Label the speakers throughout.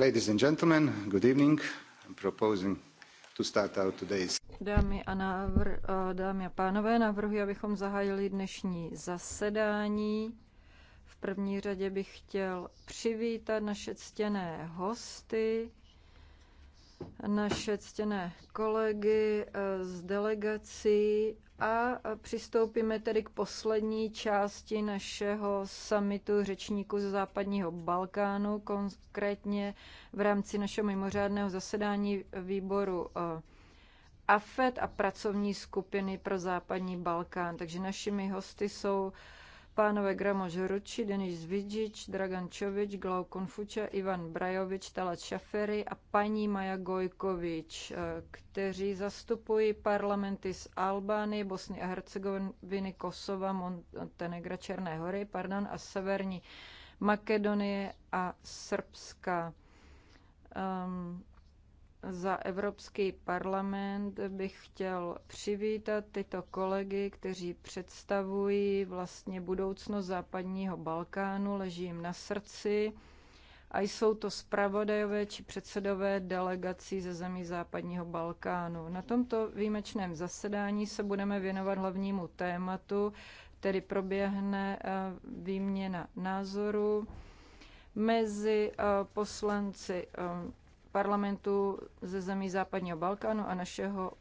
Speaker 1: Ladies and gentlemen, good evening. I'm proposing to start out today's...
Speaker 2: Dámy a, návr, dámy a pánové, navrhuji, abychom zahájili dnešní zasedání. V první řadě bych chtěl přivítat naše ctěné hosty, naše ctěné kolegy eh, z delegací a přistoupíme tedy k poslední části našeho samitu řečníků ze západního Balkánu, konkrétně v rámci našeho mimořádného zasedání výboru eh, AFET a pracovní skupiny pro západní Balkán. Takže našimi hosty jsou pánové Gramož Ruči, Denis Zvidžič, Dragan Čovič, Glau Konfuča, Ivan Brajovič, Talat Šafery a paní Maja Gojkovič, eh, kteří zastupují parlamenty z Albány, Bosny a Hercegoviny, Kosova, Montenegra, Černé hory pardon, a Severní Makedonie a Srbska. Um, za Evropský parlament bych chtěl přivítat tyto kolegy, kteří představují vlastně budoucnost západního Balkánu, leží jim na srdci a jsou to zpravodajové či předsedové delegací ze zemí západního Balkánu. Na tomto výjimečném zasedání se budeme věnovat hlavnímu tématu, tedy proběhne eh, výměna názoru mezi eh, poslanci eh, parlamentu ze zemí západního Balkánu a našeho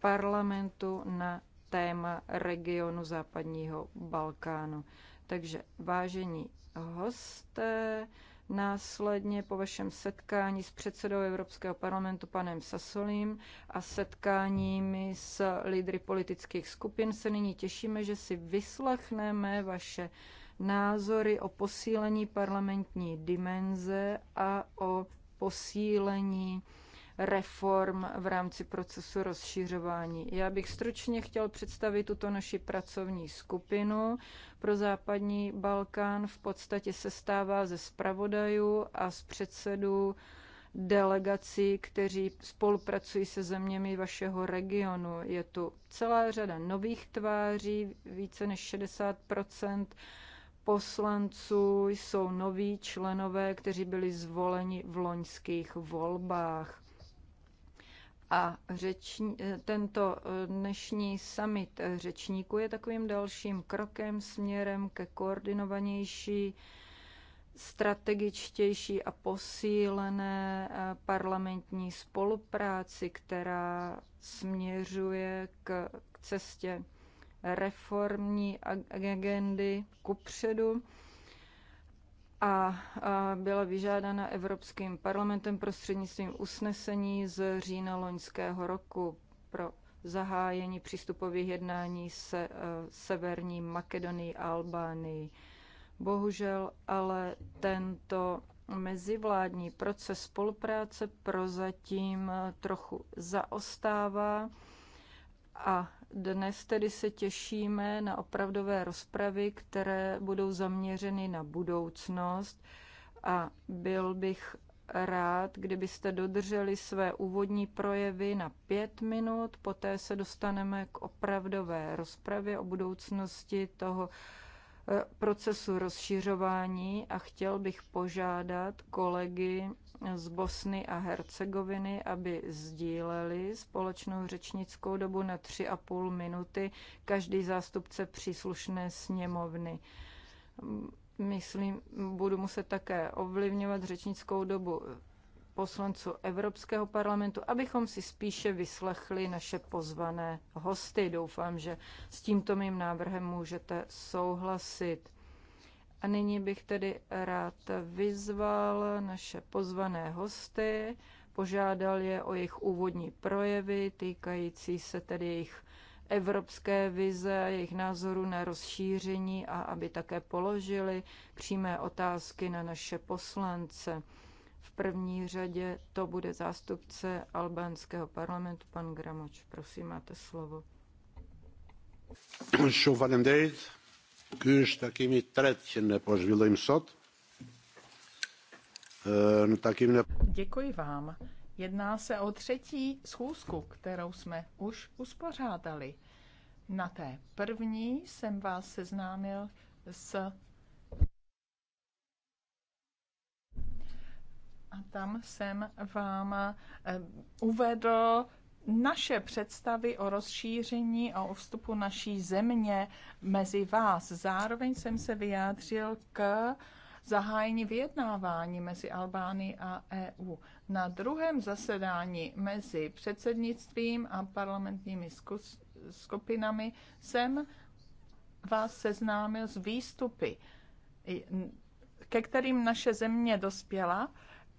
Speaker 2: parlamentu na téma regionu západního Balkánu. Takže vážení hosté, následně po vašem setkání s předsedou Evropského parlamentu panem Sasolím a setkáními s lídry politických skupin se nyní těšíme, že si vyslechneme vaše názory o posílení parlamentní dimenze a o posílení reform v rámci procesu rozšiřování. Já bych stručně chtěl představit tuto naši pracovní skupinu. Pro západní Balkán v podstatě se stává ze zpravodajů a z předsedů delegací, kteří spolupracují se zeměmi vašeho regionu. Je tu celá řada nových tváří, více než 60 poslanců jsou noví členové, kteří byli zvoleni v loňských volbách. A řeční, eh, tento eh, dnešní summit řečníků je takovým dalším krokem směrem ke koordinovanější, strategičtější a posílené eh, parlamentní spolupráci, která směřuje k cestě reformní agendy kupředu a byla vyžádána Evropským parlamentem prostřednictvím usnesení z října loňského roku pro zahájení přístupových jednání se e, Severní Makedonii a Albánii. Bohužel ale tento mezivládní proces spolupráce prozatím e, trochu zaostává a dnes tedy se těšíme na opravdové rozpravy, které budou zaměřeny na budoucnost a byl bych rád, kdybyste dodrželi své úvodní projevy na pět minut, poté se dostaneme k opravdové rozpravě o budoucnosti toho eh, procesu rozšiřování a chtěl bych požádat kolegy z Bosny a Hercegoviny, aby sdíleli společnou řečnickou dobu na tři a půl minuty každý zástupce příslušné sněmovny. Myslím, budu muset také ovlivňovat řečnickou dobu poslanců Evropského parlamentu, abychom si spíše vyslechli naše pozvané hosty. Doufám, že s tímto mým návrhem můžete souhlasit. A nyní bych tedy rád vyzval naše pozvané hosty, požádal je o jejich úvodní projevy týkající se tedy jejich evropské vize, jejich názoru na rozšíření a aby také položili přímé otázky na naše poslance. V první řadě to bude zástupce albánského parlamentu, pan Gramoč. Prosím, máte slovo
Speaker 1: sot. E, no ne...
Speaker 3: Děkuji vám. Jedná se o třetí schůzku, kterou jsme už uspořádali. Na té první jsem vás seznámil s a tam jsem vám e, uvedl naše představy o rozšíření a o vstupu naší země mezi vás. Zároveň jsem se vyjádřil k zahájení vyjednávání mezi Albánií a EU. Na druhém zasedání mezi předsednictvím a parlamentními skupinami jsem vás seznámil s výstupy, ke kterým naše země dospěla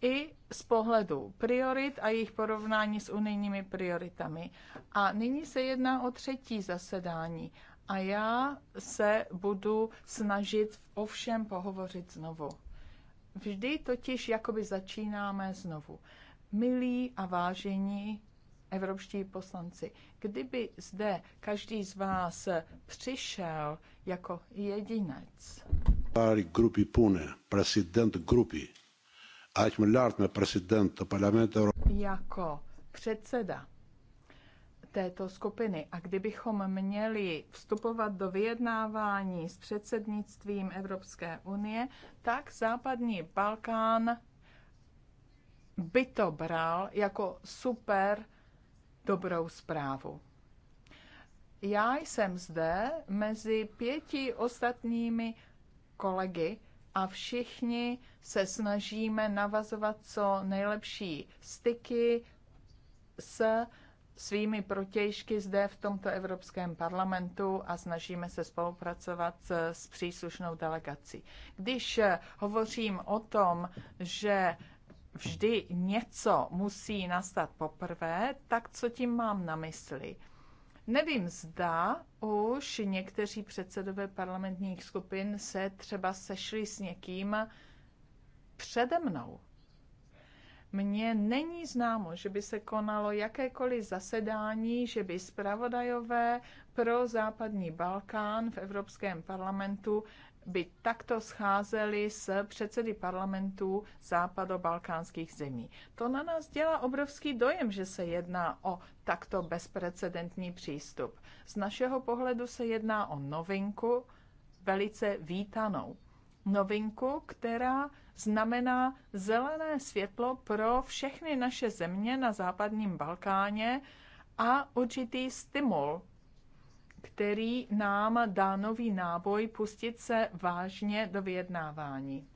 Speaker 3: i z pohledu priorit a jejich porovnání s unijními prioritami. A nyní se jedná o třetí zasedání a já se budu snažit o všem pohovořit znovu. Vždy totiž jakoby začínáme znovu. Milí a vážení evropští poslanci, kdyby zde každý z vás přišel jako jedinec.
Speaker 1: Grupy Pune, prezident grupy
Speaker 3: jako předseda této skupiny a kdybychom měli vstupovat do vyjednávání s předsednictvím Evropské unie, tak západní Balkán by to bral jako super dobrou zprávu. Já jsem zde mezi pěti ostatními kolegy a všichni se snažíme navazovat co nejlepší styky s svými protějšky zde v tomto Evropském parlamentu a snažíme se spolupracovat s příslušnou delegací. Když hovořím o tom, že vždy něco musí nastat poprvé, tak co tím mám na mysli? Nevím, zda už někteří předsedové parlamentních skupin se třeba sešli s někým přede mnou. Mně není známo, že by se konalo jakékoliv zasedání, že by zpravodajové pro západní Balkán v Evropském parlamentu by takto scházeli s předsedy parlamentů západobalkánských zemí. To na nás dělá obrovský dojem, že se jedná o takto bezprecedentní přístup. Z našeho pohledu se jedná o novinku, velice vítanou. Novinku, která znamená zelené světlo pro všechny naše země na západním Balkáně a určitý stimul který nám dá nový náboj pustit se vážně do vyjednávání.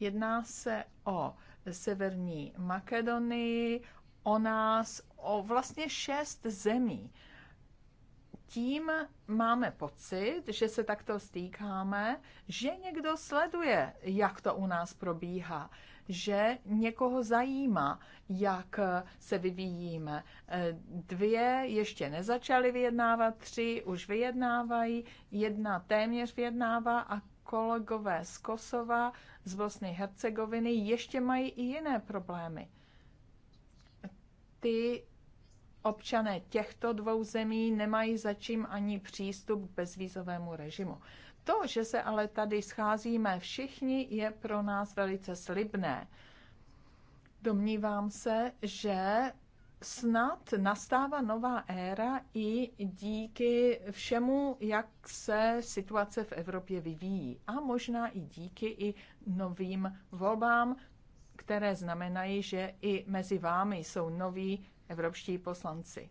Speaker 3: Jedná se o Severní Makedonii, o nás, o vlastně šest zemí, tím máme pocit, že se takto stýkáme, že někdo sleduje, jak to u nás probíhá, že někoho zajímá, jak se vyvíjíme. E, dvě ještě nezačaly vyjednávat, tři už vyjednávají, jedna téměř vyjednává a kolegové z Kosova, z Bosny Hercegoviny ještě mají i jiné problémy. Ty občané těchto dvou zemí nemají zatím ani přístup k bezvízovému režimu. To, že se ale tady scházíme všichni, je pro nás velice slibné. Domnívám se, že snad nastává nová éra i díky všemu, jak se situace v Evropě vyvíjí. A možná i díky i novým volbám, které znamenají, že i mezi vámi jsou noví evropští poslanci.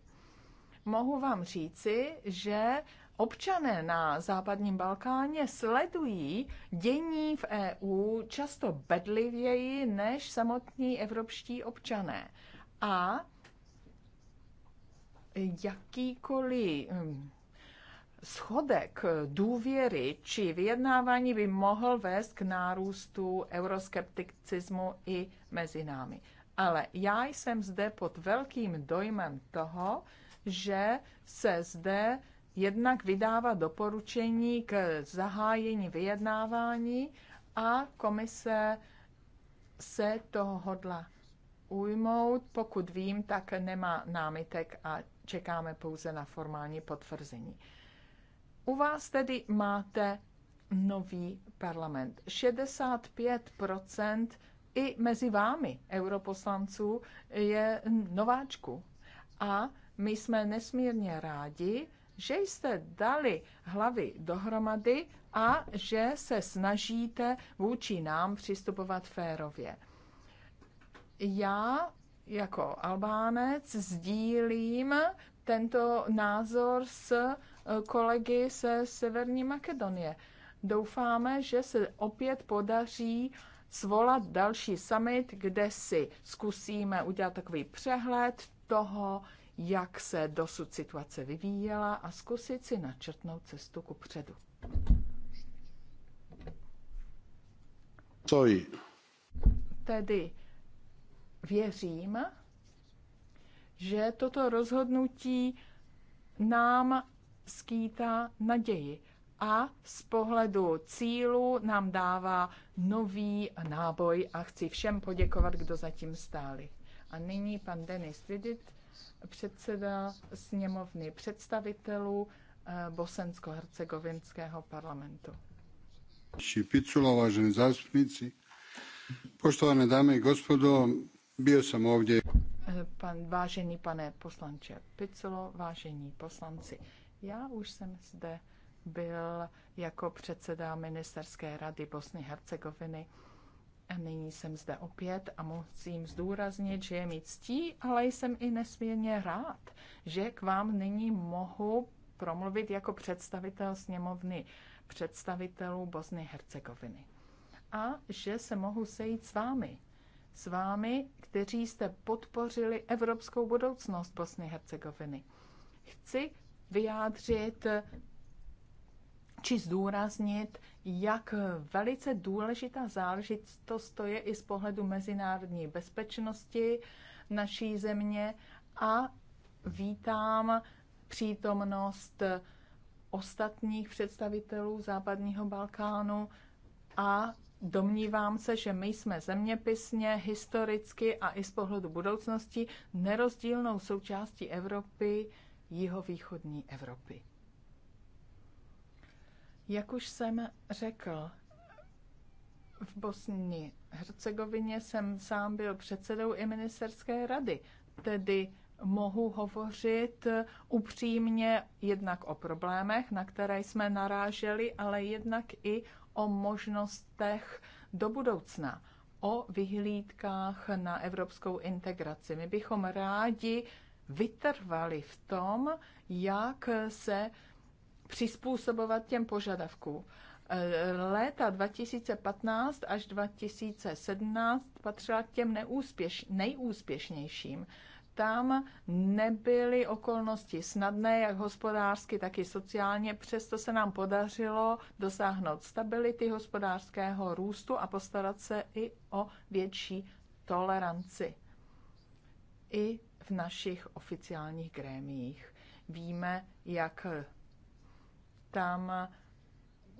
Speaker 3: Mohu vám říci, že občané na západním Balkáně sledují dění v EU často bedlivěji než samotní evropští občané. A jakýkoliv hm, schodek důvěry či vyjednávání by mohl vést k nárůstu euroskepticismu i mezi námi. Ale já jsem zde pod velkým dojmem toho, že se zde jednak vydává doporučení k zahájení vyjednávání a komise se toho hodla ujmout. Pokud vím, tak nemá námitek a čekáme pouze na formální potvrzení. U vás tedy máte nový parlament. 65 i mezi vámi, europoslanců, je nováčku. A my jsme nesmírně rádi, že jste dali hlavy dohromady a že se snažíte vůči nám přistupovat férově. Já jako Albánec sdílím tento názor s eh, kolegy ze Severní Makedonie. Doufáme, že se opět podaří svolat další summit, kde si zkusíme udělat takový přehled toho, jak se dosud situace vyvíjela a zkusit si načrtnout cestu ku předu. Co jí? Tedy věřím, že toto rozhodnutí nám skýtá naději a z pohledu cílu nám dává nový náboj a chci všem poděkovat, kdo zatím stáli. A nyní pan Denis Vidit, předseda sněmovny představitelů eh, bosensko-hercegovinského parlamentu.
Speaker 1: Šipicula, vážení zástupníci, poštované dámy i gospodo, byl jsem ovdě.
Speaker 3: Eh, pan, vážený pane poslanče Piculo, vážení poslanci, já už jsem zde byl jako předseda ministerské rady Bosny Hercegoviny. A nyní jsem zde opět a musím zdůraznit, že je mi ctí, ale jsem i nesmírně rád, že k vám nyní mohu promluvit jako představitel sněmovny představitelů Bosny Hercegoviny. A že se mohu sejít s vámi, s vámi, kteří jste podpořili evropskou budoucnost Bosny Hercegoviny. Chci vyjádřit či zdůraznit, jak velice důležitá záležitost to je i z pohledu mezinárodní bezpečnosti naší země a vítám přítomnost ostatních představitelů západního Balkánu a domnívám se, že my jsme zeměpisně, historicky a i z pohledu budoucnosti nerozdílnou součástí Evropy, jihovýchodní Evropy. Jak už jsem řekl, v Bosni Hercegovině jsem sám byl předsedou i ministerské rady, tedy mohu hovořit upřímně jednak o problémech, na které jsme naráželi, ale jednak i o možnostech do budoucna, o vyhlídkách na evropskou integraci. My bychom rádi vytrvali v tom, jak se přizpůsobovat těm požadavkům. Eh, léta 2015 až 2017 patřila k těm neúspěš, nejúspěšnějším. Tam nebyly okolnosti snadné, jak hospodářsky, tak i sociálně. Přesto se nám podařilo dosáhnout stability hospodářského růstu a postarat se i o větší toleranci. I v našich oficiálních grémiích. Víme, jak tam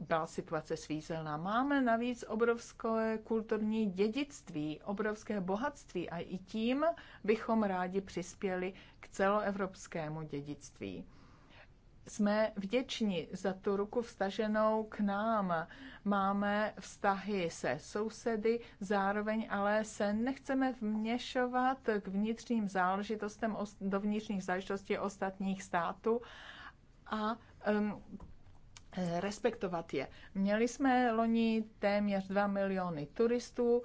Speaker 3: byla situace svízelná. Máme navíc obrovské kulturní dědictví, obrovské bohatství a i tím bychom rádi přispěli k celoevropskému dědictví. Jsme vděční za tu ruku vstaženou k nám. Máme vztahy se sousedy, zároveň ale se nechceme vměšovat k vnitřním záležitostem, do vnitřních záležitostí ostatních států a um, respektovat je. Měli jsme loni téměř 2 miliony turistů,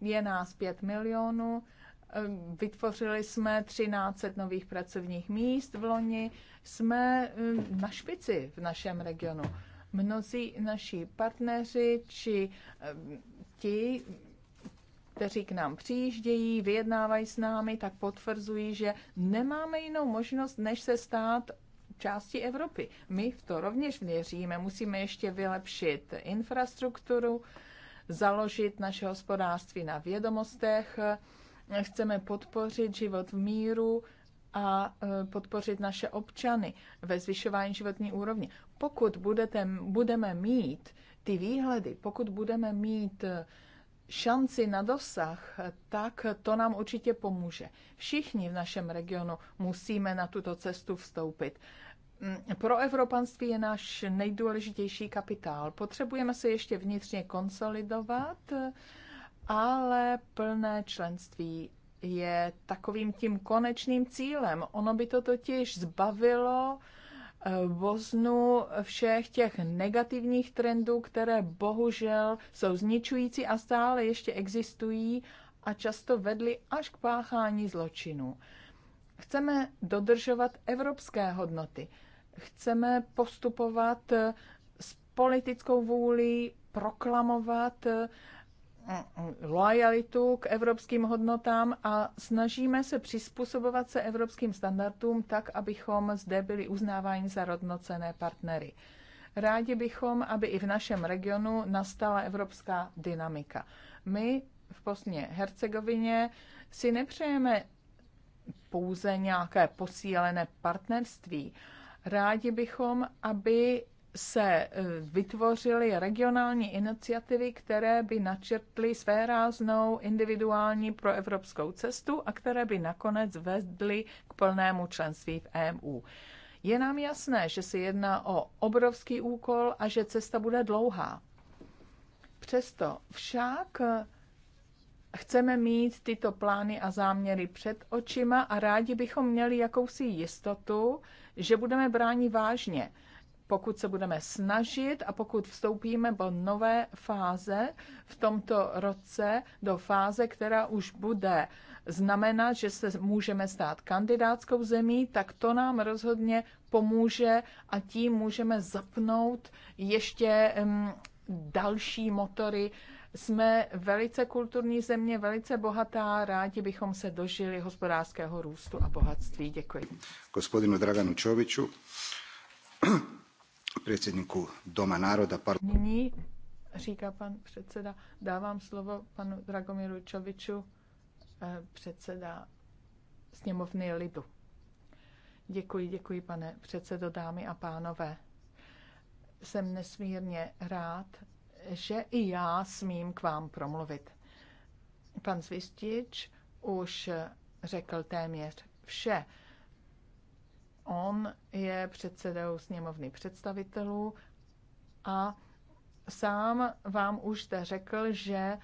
Speaker 3: je nás 5 milionů, eh, vytvořili jsme 1300 nových pracovních míst v loni, jsme eh, na špici v našem regionu. Mnozí naši partneři či eh, ti, kteří k nám přijíždějí, vyjednávají s námi, tak potvrzují, že nemáme jinou možnost, než se stát části Evropy. My v to rovněž věříme, musíme ještě vylepšit infrastrukturu, založit naše hospodářství na vědomostech, chceme podpořit život v míru a e, podpořit naše občany ve zvyšování životní úrovně. Pokud budete, budeme mít ty výhledy, pokud budeme mít uh, šanci na dosah, tak to nám určitě pomůže. Všichni v našem regionu musíme na tuto cestu vstoupit. Mm, pro evropanství je náš nejdůležitější kapitál. Potřebujeme se ještě vnitřně konsolidovat, ale plné členství je takovým tím konečným cílem. Ono by to totiž zbavilo uh, voznu všech těch negativních trendů, které bohužel jsou zničující a stále ještě existují a často vedly až k páchání zločinu. Chceme dodržovat evropské hodnoty. Chceme postupovat s politickou vůlí, proklamovat lojalitu k evropským hodnotám a snažíme se přizpůsobovat se evropským standardům tak, abychom zde byli uznáváni za rodnocené partnery. Rádi bychom, aby i v našem regionu nastala evropská dynamika. My v Bosně Hercegovině si nepřejeme pouze nějaké posílené partnerství. Rádi bychom, aby se eh, vytvořily regionální iniciativy, které by načrtly své ráznou individuální proevropskou cestu a které by nakonec vedly k plnému členství v EMU. Je nám jasné, že se jedná o obrovský úkol a že cesta bude dlouhá. Přesto však eh, chceme mít tyto plány a záměry před očima a rádi bychom měli jakousi jistotu, že budeme bráni vážně pokud se budeme snažit a pokud vstoupíme do nové fáze v tomto roce, do fáze, která už bude znamenat, že se můžeme stát kandidátskou zemí, tak to nám rozhodně pomůže a tím můžeme zapnout ještě další motory. Jsme velice kulturní země, velice bohatá, rádi bychom se dožili hospodářského růstu a bohatství. Děkuji.
Speaker 1: Gospodinu Draganu Čoviču předsedníku Doma národa. Nyní,
Speaker 3: říká pan předseda, dávám slovo panu Dragomíru Čoviču, eh, předseda sněmovny lidu. Děkuji, děkuji, pane předsedo, dámy a pánové. Jsem nesmírně rád, že i já smím k vám promluvit. Pan Zvistič už řekl téměř vše On je předsedou sněmovny představitelů a sám vám už zde řekl, že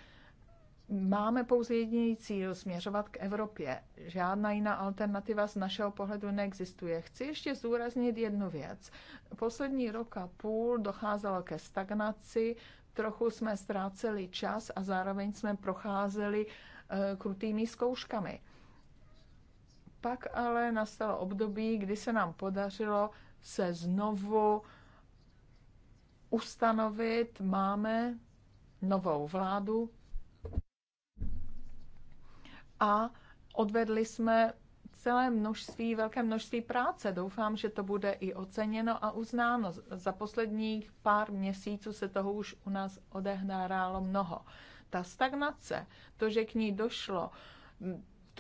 Speaker 3: máme pouze jediný cíl směřovat k Evropě. Žádná jiná alternativa z našeho pohledu neexistuje. Chci ještě zúraznit jednu věc. Poslední rok a půl docházelo ke stagnaci, trochu jsme ztráceli čas a zároveň jsme procházeli eh, krutými zkouškami. Pak ale nastalo období, kdy se nám podařilo se znovu ustanovit. Máme novou vládu a odvedli jsme celé množství, velké množství práce. Doufám, že to bude i oceněno a uznáno. Za posledních pár měsíců se toho už u nás odehnárálo mnoho. Ta stagnace, to, že k ní došlo,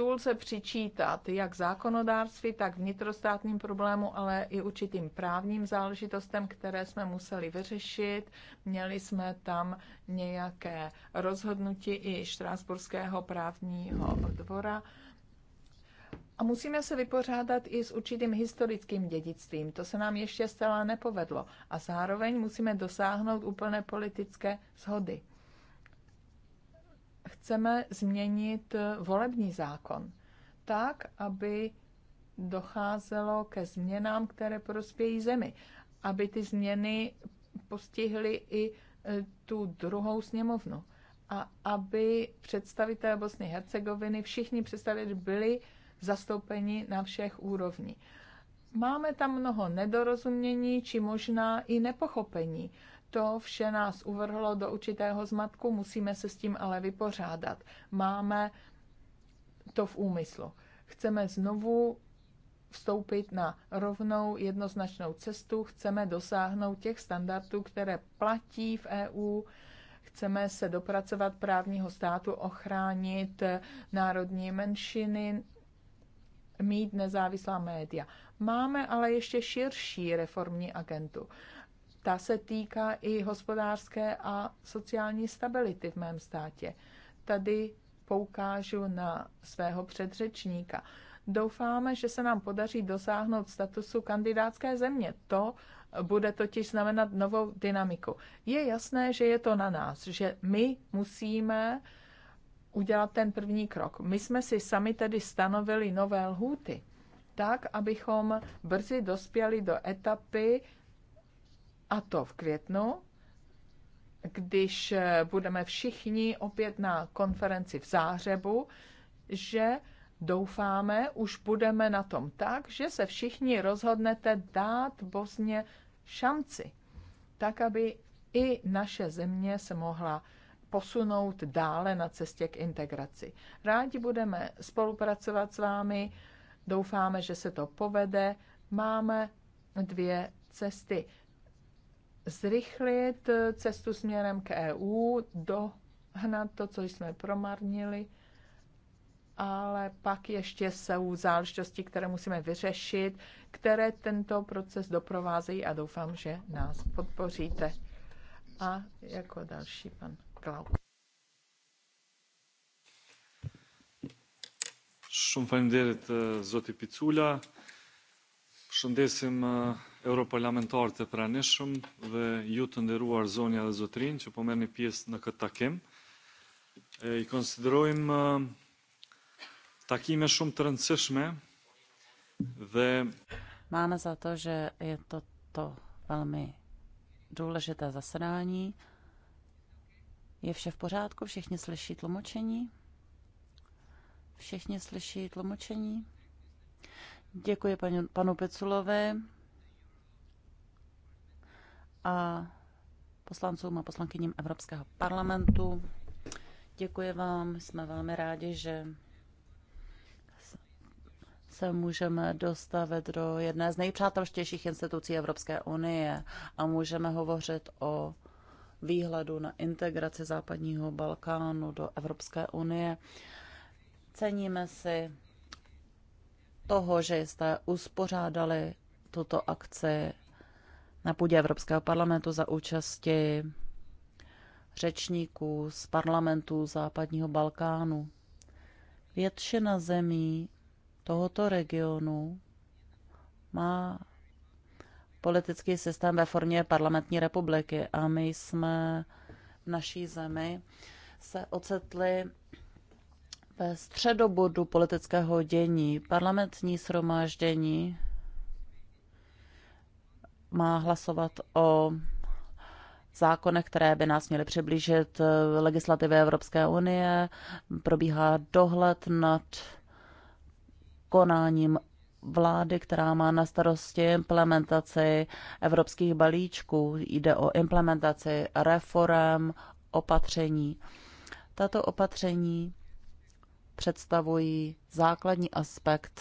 Speaker 3: stůl se přičítat jak zákonodárství, tak vnitrostátním problému, ale i určitým právním záležitostem, které jsme museli vyřešit. Měli jsme tam nějaké rozhodnutí i Štrásburského právního dvora. A musíme se vypořádat i s určitým historickým dědictvím. To se nám ještě zcela nepovedlo. A zároveň musíme dosáhnout úplné politické shody chceme změnit eh, volební zákon tak, aby docházelo ke změnám, které prospějí zemi. Aby ty změny postihly i eh, tu druhou sněmovnu. A aby představitelé Bosny a Hercegoviny, všichni představitelé byli zastoupeni na všech úrovních. Máme tam mnoho nedorozumění či možná i nepochopení. To vše nás uvrhlo do určitého zmatku, musíme se s tím ale vypořádat. Máme to v úmyslu. Chceme znovu vstoupit na rovnou jednoznačnou cestu, chceme dosáhnout těch standardů, které platí v EU, chceme se dopracovat právního státu, ochránit národní menšiny, mít nezávislá média. Máme ale ještě širší reformní agentu. Ta se týká i hospodářské a sociální stability v mém státě. Tady poukážu na svého předřečníka. Doufáme, že se nám podaří dosáhnout statusu kandidátské země. To bude totiž znamenat novou dynamiku. Je jasné, že je to na nás, že my musíme udělat ten první krok. My jsme si sami tedy stanovili nové lhůty, tak, abychom brzy dospěli do etapy, a to v květnu, když eh, budeme všichni opět na konferenci v Zářebu, že doufáme, už budeme na tom tak, že se všichni rozhodnete dát Bosně šanci, tak aby i naše země se mohla posunout dále na cestě k integraci. Rádi budeme spolupracovat s vámi, doufáme, že se to povede. Máme dvě cesty zrychlit cestu směrem k EU, dohnat to, co jsme promarnili, ale pak ještě jsou záležitosti, které musíme vyřešit, které tento proces doprovázejí a doufám, že nás podpoříte. A jako další pan Klau. Shumë derit, eh, zoti Picula. Shëndesim eh, europarlamentarë të pranishëm dhe ju të nderuar zonja dhe zotrinj që po merrni pjesë në këtë takim. E, I konsiderojmë e, takime shumë të rëndësishme dhe
Speaker 1: Máme za to, že je to velmi důležité zasedání. Je vše v pořádku? Všichni slyší tlumočení? Všichni slyší tlumočení? Děkuji panu, panu Peculovi a poslancům a poslankyním Evropského parlamentu. Děkuji vám, jsme velmi rádi, že se můžeme dostavit do jedné z nejpřátelštějších institucí Evropské unie a můžeme hovořit o výhledu na integraci západního Balkánu do Evropské unie. Ceníme si toho, že jste uspořádali tuto akci na půdě Evropského parlamentu za účasti řečníků z parlamentů západního Balkánu. Většina zemí tohoto regionu má politický systém ve formě parlamentní republiky a my jsme v naší zemi se ocitli ve středobodu politického dění. Parlamentní shromáždění má hlasovat o zákonech, které by nás měly přiblížit eh, legislativě Evropské unie. Probíhá dohled nad konáním vlády, která má na starosti implementaci evropských balíčků. Jde o implementaci reform, opatření. Tato opatření představují základní aspekt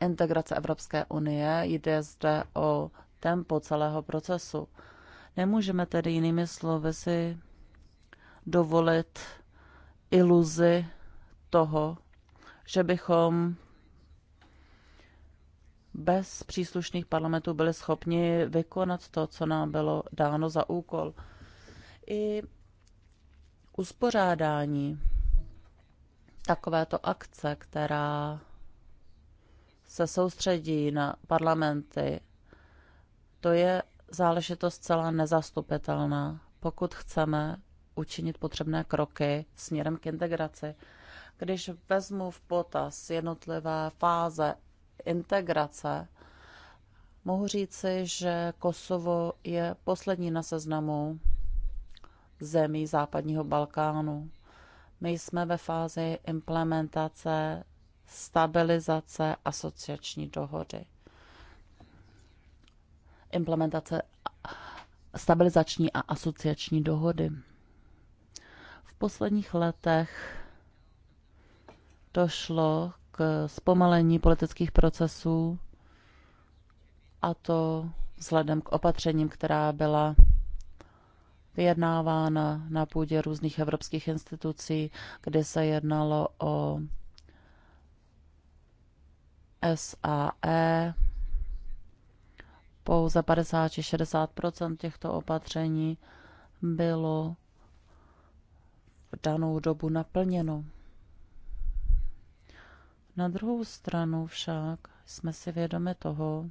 Speaker 1: integrace Evropské unie. Jde zde o tempo celého procesu. Nemůžeme tedy jinými slovy si dovolit iluzi toho, že bychom bez příslušných parlamentů byli schopni vykonat to, co nám bylo dáno za úkol. I uspořádání takovéto akce, která se soustředí na parlamenty to je záležitost celá nezastupitelná, pokud chceme učinit potřebné kroky směrem k integraci. Když vezmu v potaz jednotlivé fáze integrace, mohu říci, že Kosovo je poslední na seznamu zemí západního Balkánu. My jsme ve fázi implementace stabilizace asociační dohody implementace stabilizační a asociační dohody. V posledních letech došlo k zpomalení politických procesů a to vzhledem k opatřením, která byla vyjednávána na půdě různých evropských institucí, kde se jednalo o SAE, pouze 50 či 60 těchto opatření bylo v danou dobu naplněno. Na druhou stranu však jsme si vědomi toho,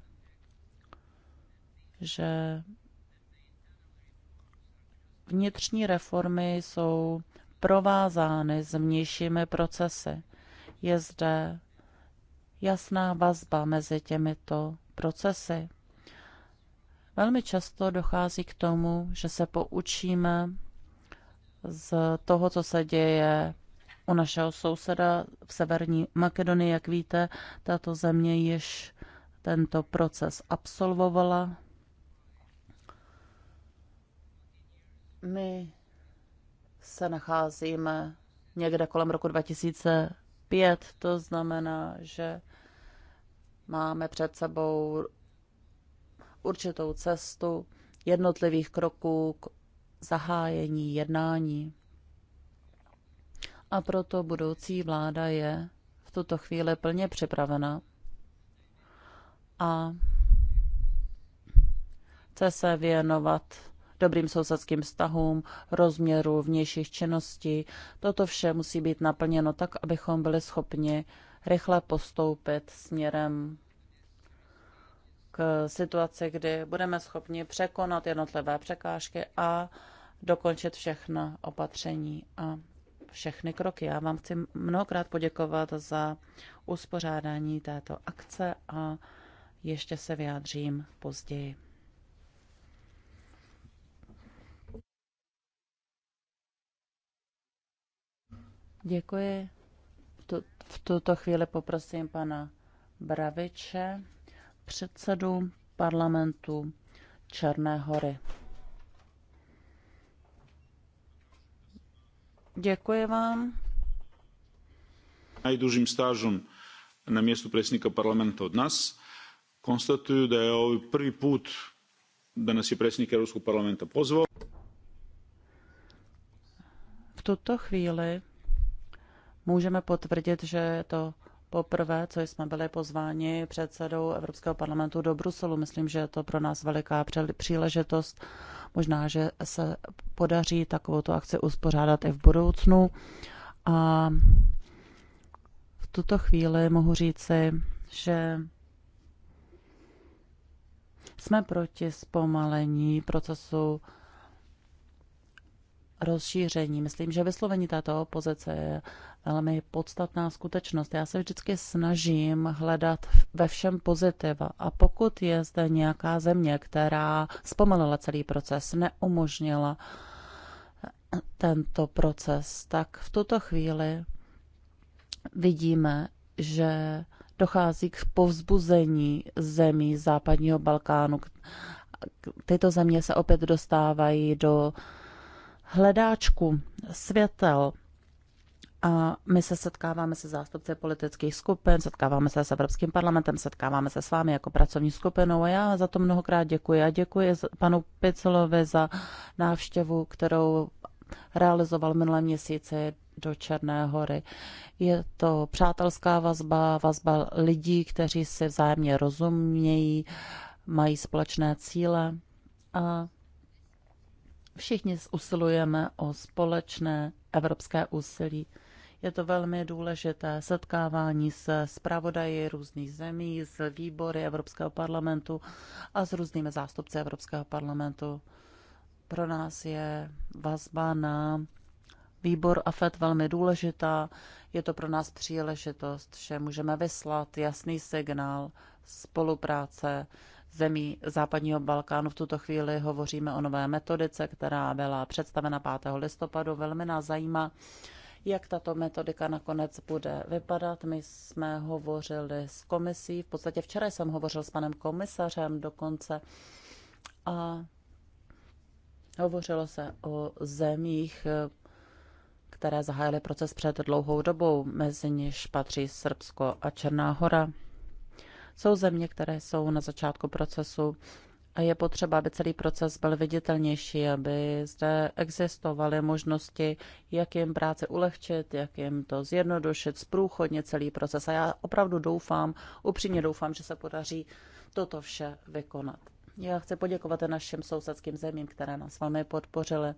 Speaker 1: že vnitřní reformy jsou provázány s vnějšími procesy. Je zde jasná vazba mezi těmito procesy. Velmi často dochází k tomu, že se poučíme z toho, co se děje u našeho souseda v severní Makedonii. Jak víte, tato země již tento proces absolvovala. My se nacházíme někde kolem roku 2005, to znamená, že máme před sebou určitou cestu jednotlivých kroků k zahájení jednání. A proto budoucí vláda je v tuto chvíli plně připravena a chce se věnovat dobrým sousedským vztahům, rozměru vnějších činností. Toto vše musí být naplněno tak, abychom byli schopni rychle postoupit směrem k situaci, kdy budeme schopni překonat jednotlivé překážky a dokončit všechna opatření a všechny kroky. Já vám chci mnohokrát poděkovat za uspořádání této akce a ještě se vyjádřím později. Děkuji. V, tu, v tuto chvíli poprosím pana Braviče předsedu parlamentu Černé hory. Děkuji vám.
Speaker 2: Najdužím stážem na místu predsjednika parlamentu od nás
Speaker 3: Konstatuju že je ovo prvi put da nás je predsjednik Evropského parlamenta pozval.
Speaker 1: V tuto chvíli můžeme potvrdit, že je to poprvé, co jsme byli pozváni předsedou Evropského parlamentu do Bruselu. Myslím, že je to pro nás veliká příležitost. Možná, že se podaří takovouto akci uspořádat i v budoucnu. A v tuto chvíli mohu říci, že jsme proti zpomalení procesu rozšíření. Myslím, že vyslovení této opozice je velmi podstatná skutečnost. Já se vždycky snažím hledat ve všem pozitiva. A pokud je zde nějaká země, která zpomalila celý proces, neumožnila tento proces, tak v tuto chvíli vidíme, že dochází k povzbuzení zemí západního Balkánu. Tyto země se opět dostávají do hledáčku světel a my se setkáváme se zástupci politických skupin, setkáváme se s Evropským parlamentem, setkáváme se s vámi jako pracovní skupinou a já za to mnohokrát děkuji. A děkuji panu Picelovi za návštěvu, kterou realizoval minulé měsíci do Černé hory. Je to přátelská vazba, vazba lidí, kteří si vzájemně rozumějí, mají společné cíle a Všichni usilujeme o společné evropské úsilí. Je to velmi důležité setkávání se zpravodaji různých zemí, s výbory Evropského parlamentu a s různými zástupci Evropského parlamentu. Pro nás je vazba na výbor AFET velmi důležitá. Je to pro nás příležitost, že můžeme vyslat jasný signál spolupráce zemí západního Balkánu. V tuto chvíli hovoříme o nové metodice, která byla představena 5. listopadu. Velmi nás zajímá, jak tato metodika nakonec bude vypadat. My jsme hovořili s komisí, v podstatě včera jsem hovořil s panem komisařem dokonce a hovořilo se o zemích, které zahájily proces před dlouhou dobou, mezi niž patří Srbsko a Černá hora. Jsou země, které jsou na začátku procesu a je potřeba, aby celý proces byl viditelnější, aby zde existovaly možnosti, jak jim práci ulehčit, jak jim to zjednodušit, zprůchodně celý proces. A já opravdu doufám, upřímně doufám, že se podaří toto vše vykonat. Já chci poděkovat našim sousedským zemím, které nás velmi podpořily.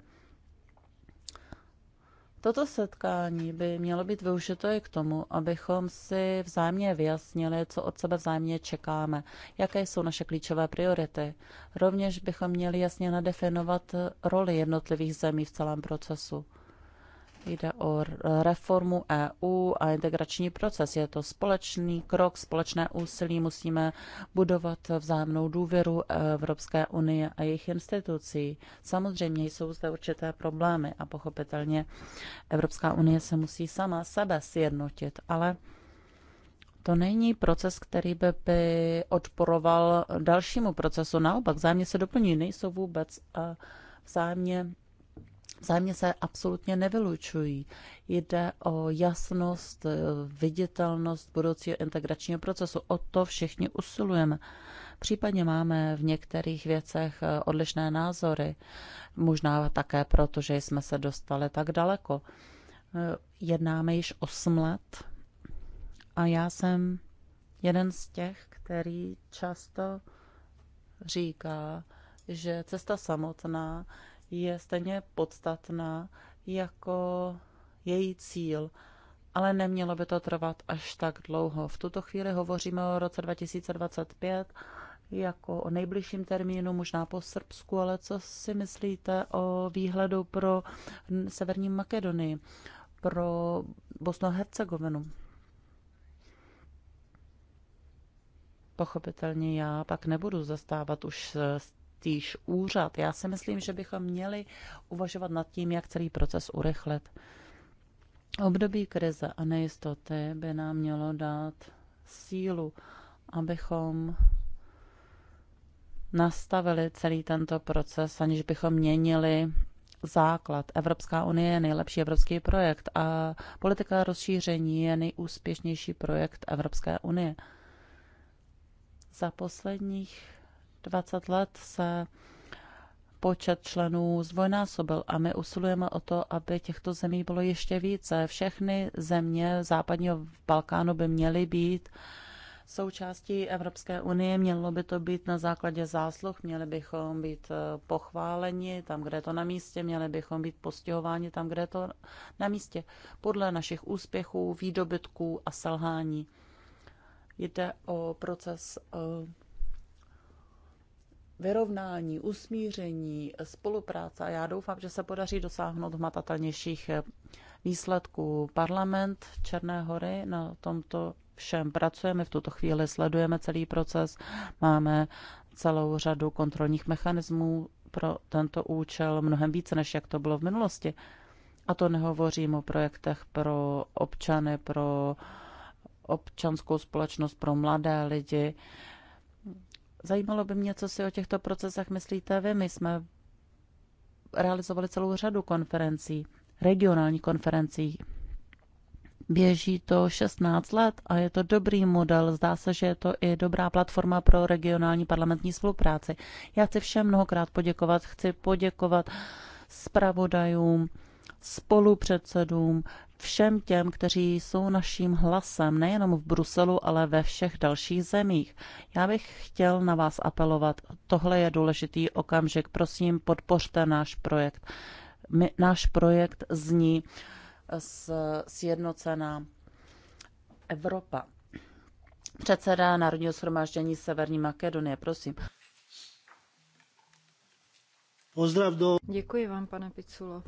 Speaker 1: Toto setkání by mělo být využito i k tomu, abychom si vzájemně vyjasnili, co od sebe vzájemně čekáme, jaké jsou naše klíčové priority. Rovněž bychom měli jasně nadefinovat roli jednotlivých zemí v celém procesu. Jde o reformu EU a integrační proces. Je to společný krok, společné úsilí. Musíme budovat vzájemnou důvěru Evropské unie a jejich institucí. Samozřejmě jsou zde určité problémy a pochopitelně Evropská unie se musí sama sebe sjednotit, ale to není proces, který by, by odporoval dalšímu procesu. Naopak, vzájemně se doplní, nejsou vůbec eh, vzájemně vzájemně se absolutně nevylučují. Jde o jasnost, eh, viditelnost budoucího integračního procesu. O to všichni usilujeme. Případně máme v některých věcech eh, odlišné názory, možná také proto, že jsme se dostali tak daleko. Eh, jednáme již 8 let a já jsem jeden z těch, který často říká, že cesta samotná je stejně podstatná jako její cíl, ale nemělo by to trvat až tak dlouho. V tuto chvíli hovoříme o roce 2025 jako o nejbližším termínu, možná po Srbsku, ale co si myslíte o výhledu pro Severní Makedonii, pro Bosnu a Hercegovinu? Pochopitelně já pak nebudu zastávat už týž úřad. Já si myslím, že bychom měli uvažovat nad tím, jak celý proces urychlit. Období krize a nejistoty by nám mělo dát sílu, abychom nastavili celý tento proces, aniž bychom měnili základ. Evropská unie je nejlepší evropský projekt a politika rozšíření je nejúspěšnější projekt Evropské unie. Za posledních 20 let se počet členů zdvojnásobil a my usilujeme o to, aby těchto zemí bylo ještě více. Všechny země západního Balkánu by měly být součástí Evropské unie, mělo by to být na základě zásluh, měli bychom být eh, pochváleni tam, kde je to na místě, měli bychom být postihováni tam, kde je to na místě, podle našich úspěchů, výdobytků a selhání. Jde o proces eh, vyrovnání, usmíření, spolupráce a já doufám, že se podaří dosáhnout hmatatelnějších eh, výsledků. Parlament Černé hory na tomto všem pracujeme, v tuto chvíli sledujeme celý proces, máme celou řadu kontrolních mechanismů pro tento účel, mnohem více, než jak to bylo v minulosti. A to nehovořím o projektech pro občany, pro občanskou společnost, pro mladé lidi, Zajímalo by mě, co si o těchto procesech myslíte vy. My jsme realizovali celou řadu konferencí, regionálních konferencí. Běží to 16 let a je to dobrý model. Zdá se, že je to i dobrá platforma pro regionální parlamentní spolupráci. Já chci všem mnohokrát poděkovat. Chci poděkovat zpravodajům, spolupředsedům, všem těm, kteří jsou naším hlasem nejenom v Bruselu, ale ve všech dalších zemích. Já bych chtěl na vás apelovat. Tohle je důležitý okamžik. Prosím, podpořte náš projekt. My, náš projekt zní s, sjednocená Evropa. Předseda Národního shromáždění Severní Makedonie, prosím. Pozdrav do... Děkuji
Speaker 2: vám, pane Piculo.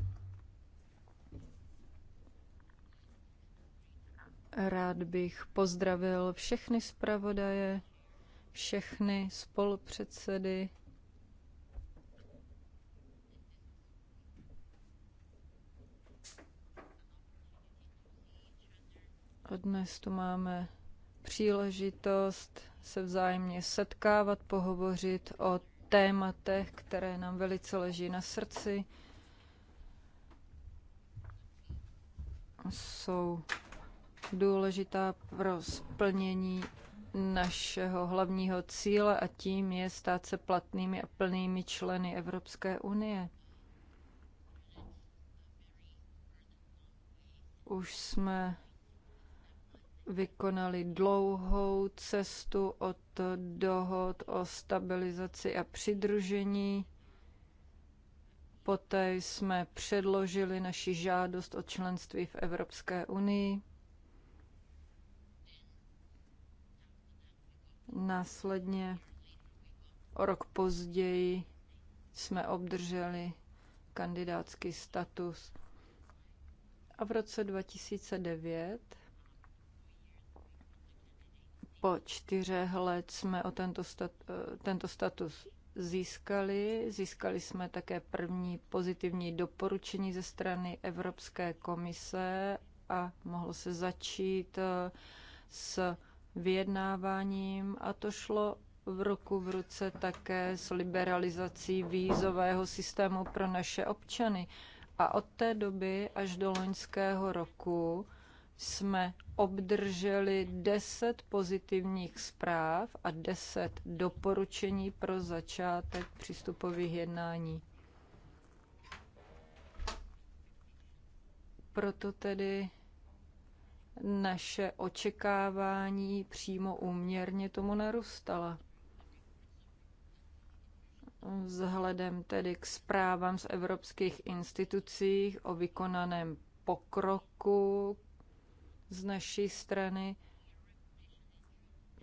Speaker 2: Rád bych pozdravil všechny zpravodaje, všechny spolupředsedy. A dnes tu máme příležitost se vzájemně setkávat, pohovořit o tématech, které nám velice leží na srdci. Jsou důležitá pro splnění našeho hlavního cíle a tím je stát se platnými a plnými členy Evropské unie. Už jsme vykonali dlouhou cestu od dohod o stabilizaci a přidružení. Poté jsme předložili naši žádost o členství v Evropské unii. Následně o rok později jsme obdrželi kandidátský status. A v roce 2009 po čtyřech let jsme o tento, stat, tento status získali. Získali jsme také první pozitivní doporučení ze strany Evropské komise a mohlo se začít eh, s vyjednáváním a to šlo v ruku v ruce také s liberalizací vízového systému pro naše občany. A od té doby až do loňského roku jsme obdrželi 10 pozitivních zpráv a 10 doporučení pro začátek přístupových jednání. Proto tedy naše očekávání přímo úměrně tomu narůstala. Vzhledem tedy k zprávám z evropských institucí o vykonaném pokroku z naší strany,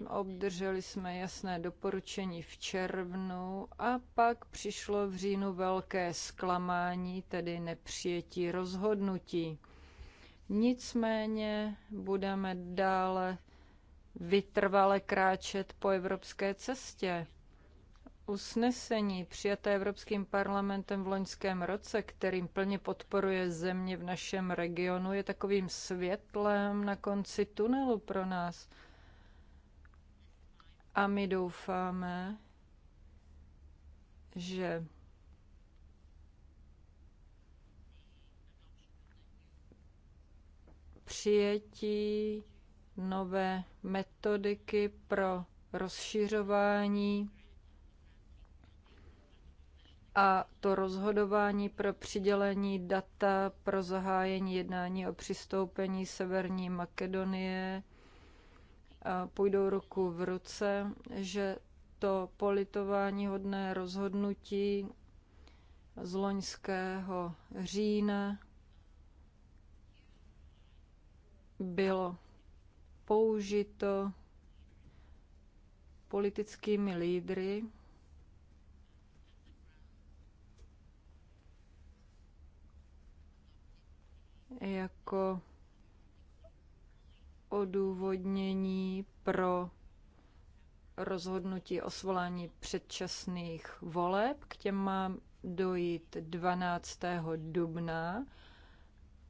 Speaker 2: Obdrželi jsme jasné doporučení v červnu a pak přišlo v říjnu velké zklamání, tedy nepřijetí rozhodnutí. Nicméně budeme dále vytrvale kráčet po evropské cestě. Usnesení přijaté Evropským parlamentem v loňském roce, kterým plně podporuje země v našem regionu, je takovým světlem na konci tunelu pro nás. A my doufáme, že přijetí nové metodiky pro rozšiřování a to rozhodování pro přidělení data pro zahájení jednání o přistoupení Severní Makedonie půjdou ruku v ruce, že to politování hodné rozhodnutí z loňského října bylo použito politickými lídry jako odůvodnění pro rozhodnutí o svolání předčasných voleb. K těm mám dojít 12. dubna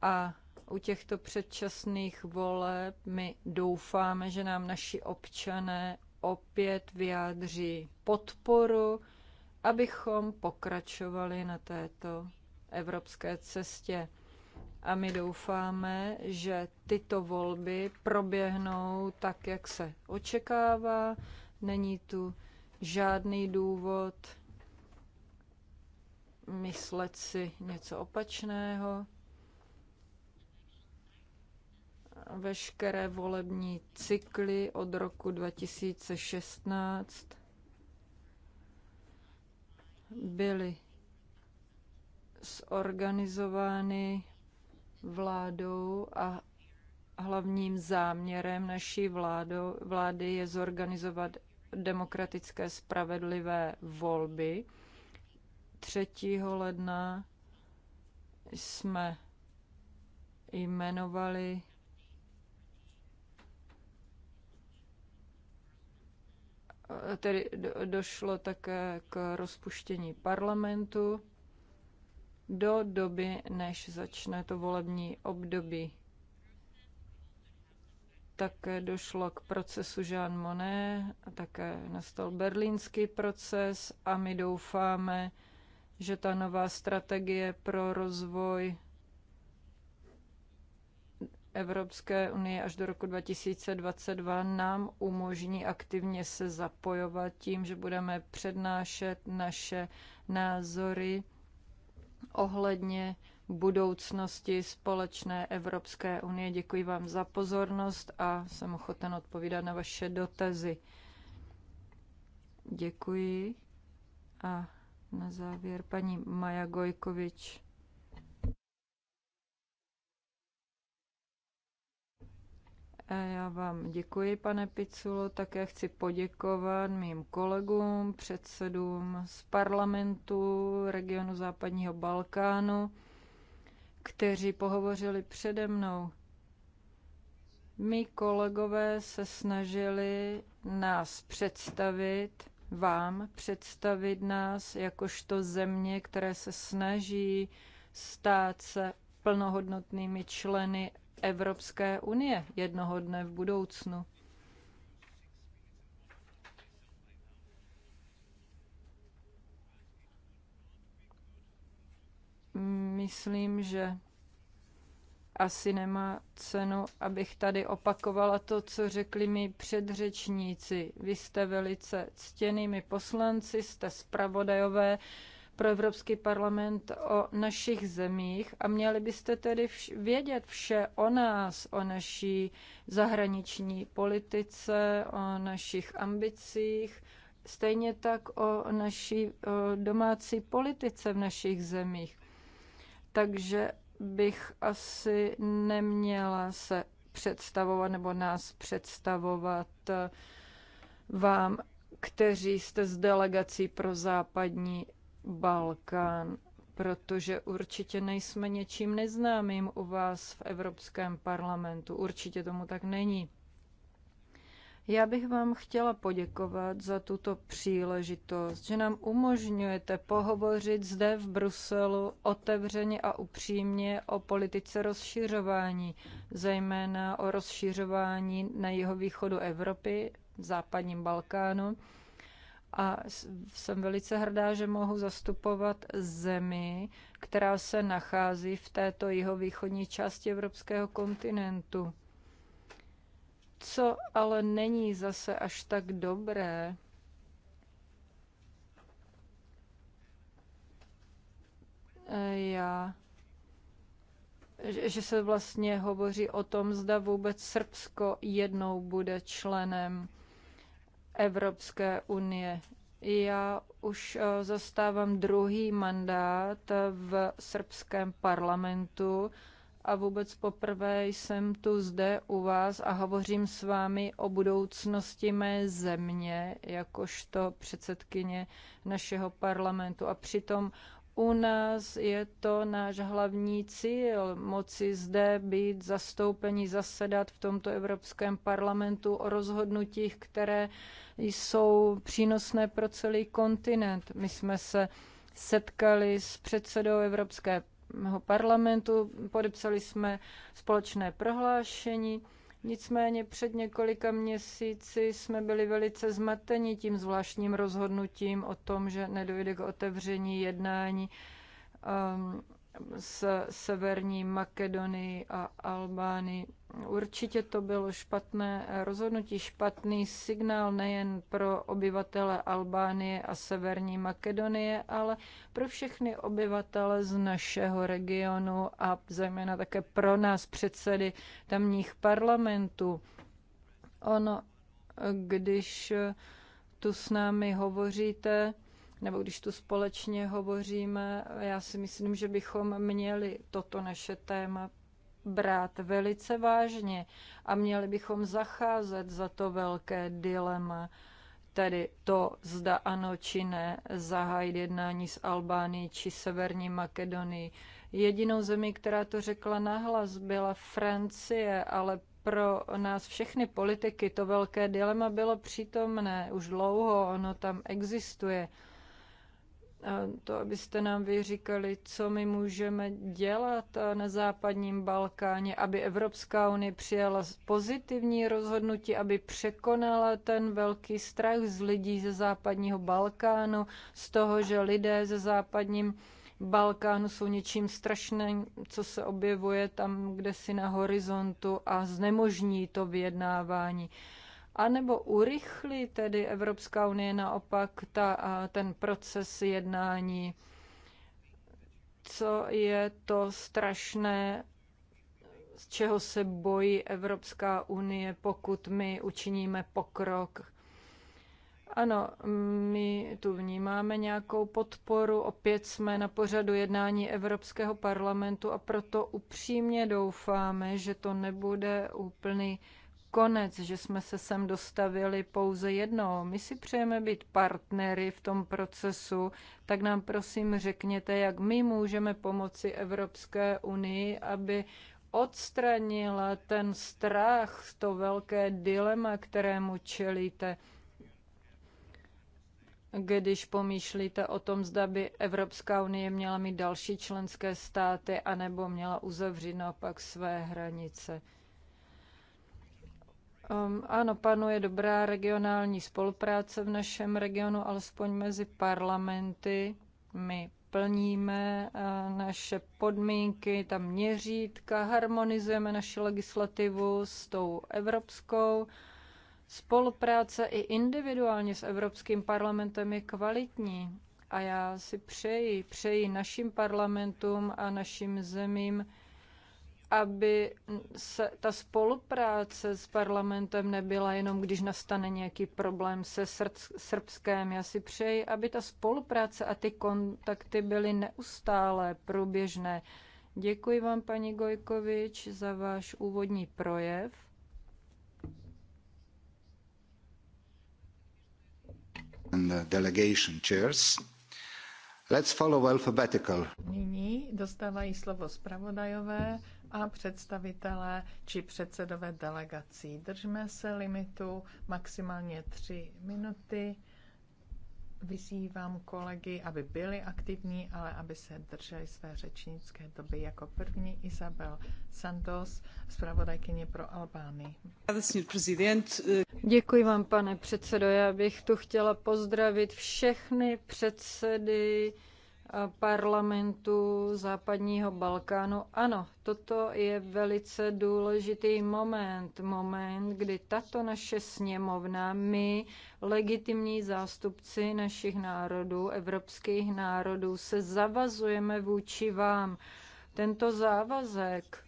Speaker 2: a u těchto předčasných voleb my doufáme, že nám naši občané opět vyjádří podporu, abychom pokračovali na této evropské cestě. A my doufáme, že tyto volby proběhnou tak, jak se očekává. Není tu žádný důvod myslet si něco opačného. veškeré volební cykly od roku 2016 byly zorganizovány vládou a hlavním záměrem naší vládou, vlády je zorganizovat demokratické spravedlivé volby. 3. ledna jsme jmenovali Eh, tedy došlo také k rozpuštění parlamentu do doby, než začne to volební období. Také došlo k procesu Jean Monnet a také nastal berlínský proces a my doufáme, že ta nová strategie pro rozvoj Evropské unie až do roku 2022 nám umožní aktivně se zapojovat tím, že budeme přednášet naše názory ohledně budoucnosti společné Evropské unie. Děkuji vám za pozornost a jsem ochoten odpovídat na vaše dotazy. Děkuji. A na závěr paní Maja Gojkovič. Já vám děkuji, pane Piculo, také chci poděkovat mým kolegům, předsedům z parlamentu regionu Západního Balkánu, kteří pohovořili přede mnou. My kolegové se snažili nás představit, vám představit nás jakožto země, které se snaží stát se plnohodnotnými členy Evropské unie jednoho dne v budoucnu. Myslím, že asi nemá cenu, abych tady opakovala to, co řekli mi předřečníci. Vy jste velice ctěnými poslanci, jste spravodajové, pro Evropský parlament o našich zemích a měli byste tedy vš- vědět vše o nás, o naší zahraniční politice, o našich ambicích, stejně tak o naší o domácí politice v našich zemích. Takže bych asi neměla se představovat nebo nás představovat eh, vám, kteří jste z delegací pro západní Balkán, protože určitě nejsme něčím neznámým u vás v Evropském parlamentu. Určitě tomu tak není. Já bych vám chtěla poděkovat za tuto příležitost, že nám umožňujete pohovořit zde v Bruselu otevřeně a upřímně o politice rozšiřování, zejména o rozšiřování na jihovýchodu Evropy, západním Balkánu a jsem velice hrdá, že mohu zastupovat zemi, která se nachází v této jihovýchodní části evropského kontinentu. Co ale není zase až tak dobré, eh, já, že se vlastně hovoří o tom, zda vůbec Srbsko jednou bude členem Evropské unie. Já už eh, zastávám druhý mandát eh, v srbském parlamentu a vůbec poprvé jsem tu zde u vás a hovořím s vámi o budoucnosti mé země, jakožto předsedkyně našeho parlamentu. A přitom u nás je to náš hlavní cíl, moci zde být zastoupeni, zasedat v tomto Evropském parlamentu o rozhodnutích, které jsou přínosné pro celý kontinent. My jsme se setkali s předsedou Evropského parlamentu, podepsali jsme společné prohlášení Nicméně před několika měsíci jsme byli velice zmateni tím zvláštním rozhodnutím o tom, že nedojde k otevření jednání um, s Severní Makedonii a Albány. Určitě to bylo špatné rozhodnutí, špatný signál nejen pro obyvatele Albánie a Severní Makedonie, ale pro všechny obyvatele z našeho regionu a zejména také pro nás předsedy tamních parlamentů. Ono, když tu s námi hovoříte, nebo když tu společně hovoříme, já si myslím, že bychom měli toto naše téma brát velice vážně a měli bychom zacházet za to velké dilema, tedy to, zda ano či ne, zahájit jednání s Albánií či Severní Makedonii. Jedinou zemí, která to řekla nahlas, byla Francie, ale pro nás všechny politiky to velké dilema bylo přítomné už dlouho, ono tam existuje to, abyste nám vy říkali, co my můžeme dělat na západním Balkáně, aby Evropská unie přijala pozitivní rozhodnutí, aby překonala ten velký strach z lidí ze západního Balkánu, z toho, že lidé ze západním Balkánu jsou něčím strašným, co se objevuje tam, kde si na horizontu a znemožní to vyjednávání anebo urychlí tedy Evropská unie naopak ta, ten proces jednání? Co je to strašné, z čeho se bojí Evropská unie, pokud my učiníme pokrok? Ano, my tu vnímáme nějakou podporu, opět jsme na pořadu jednání Evropského parlamentu a proto upřímně doufáme, že to nebude úplný konec, že jsme se sem dostavili pouze jednou. My si přejeme být partnery v tom procesu, tak nám prosím řekněte, jak my můžeme pomoci Evropské unii, aby odstranila ten strach, to velké dilema, kterému čelíte když pomýšlíte o tom, zda by Evropská unie měla mít další členské státy, anebo měla uzavřít naopak své hranice. Um, ano, panuje dobrá regionální spolupráce v našem regionu, alespoň mezi parlamenty. My plníme uh, naše podmínky, tam měřítka, harmonizujeme naši legislativu s tou evropskou. Spolupráce i individuálně s Evropským parlamentem je kvalitní a já si přeji, přeji našim parlamentům a našim zemím, aby se ta spolupráce s parlamentem nebyla jenom, když nastane nějaký problém se srbském. Já si přeji, aby ta spolupráce a ty kontakty byly neustále, průběžné. Děkuji vám, paní Gojkovič, za váš úvodní projev.
Speaker 1: And the delegation chairs. Let's follow alphabetical.
Speaker 3: Nyní dostávají slovo zpravodajové a představitelé či předsedové delegací. Držme se limitu maximálně tři minuty. Vyzývám kolegy, aby byli aktivní, ale aby se drželi své řečnické doby. Jako první Isabel Santos, zpravodajkyně pro Albány.
Speaker 2: Děkuji vám, pane předsedo. Já bych tu chtěla pozdravit všechny předsedy parlamentu západního Balkánu. Ano, toto je velice důležitý moment, moment, kdy tato naše sněmovna, my, legitimní zástupci našich národů, evropských národů, se zavazujeme vůči vám. Tento závazek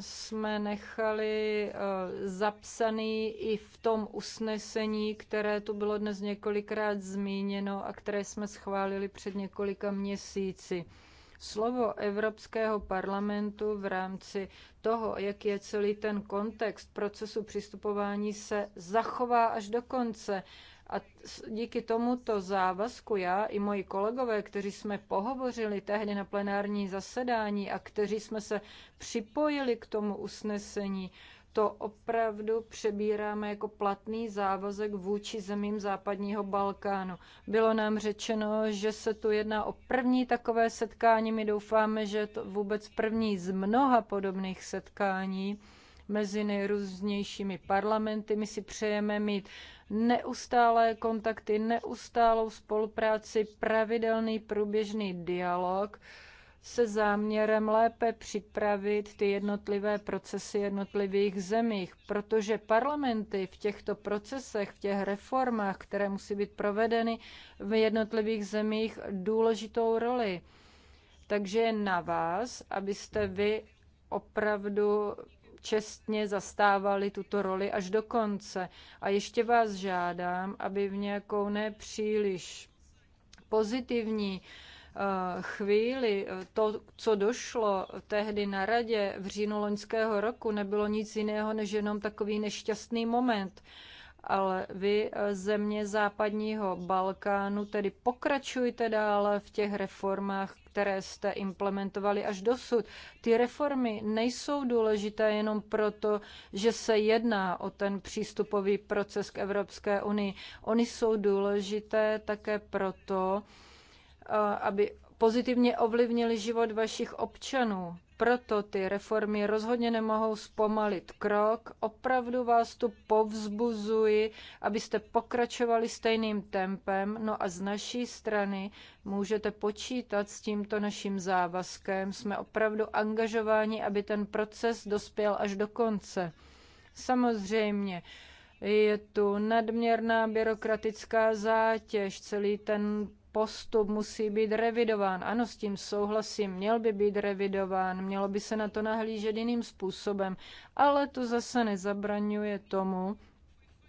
Speaker 2: jsme nechali eh, zapsaný i v tom usnesení, které tu bylo dnes několikrát zmíněno a které jsme schválili před několika měsíci. Slovo Evropského parlamentu v rámci toho, jak je celý ten kontext procesu přistupování, se zachová až do konce. A díky tomuto závazku já i moji kolegové, kteří jsme pohovořili tehdy na plenární zasedání a kteří jsme se připojili k tomu usnesení, to opravdu přebíráme jako platný závazek vůči zemím západního Balkánu. Bylo nám řečeno, že se tu jedná o první takové setkání. My doufáme, že to vůbec první z mnoha podobných setkání mezi nejrůznějšími parlamenty. My si přejeme mít neustálé kontakty, neustálou spolupráci, pravidelný průběžný dialog se záměrem lépe připravit ty jednotlivé procesy jednotlivých zemích, protože parlamenty v těchto procesech, v těch reformách, které musí být provedeny v jednotlivých zemích, důležitou roli. Takže je na vás, abyste vy opravdu čestně zastávali tuto roli až do konce. A ještě vás žádám, aby v nějakou nepříliš pozitivní eh, chvíli eh, to, co došlo tehdy na radě v říjnu loňského roku, nebylo nic jiného než jenom takový nešťastný moment ale vy eh, země západního Balkánu tedy pokračujte dále v těch reformách, které jste implementovali až dosud. Ty reformy nejsou důležité jenom proto, že se jedná o ten přístupový proces k Evropské unii. Oni jsou důležité také proto, eh, aby pozitivně ovlivnili život vašich občanů. Proto ty reformy rozhodně nemohou zpomalit krok. Opravdu vás tu povzbuzuji, abyste pokračovali stejným tempem. No a z naší strany můžete počítat s tímto naším závazkem. Jsme opravdu angažováni, aby ten proces dospěl až do konce. Samozřejmě, je tu nadměrná byrokratická zátěž, celý ten postup musí být revidován. Ano, s tím souhlasím, měl by být revidován, mělo by se na to nahlížet jiným způsobem, ale to zase nezabraňuje tomu,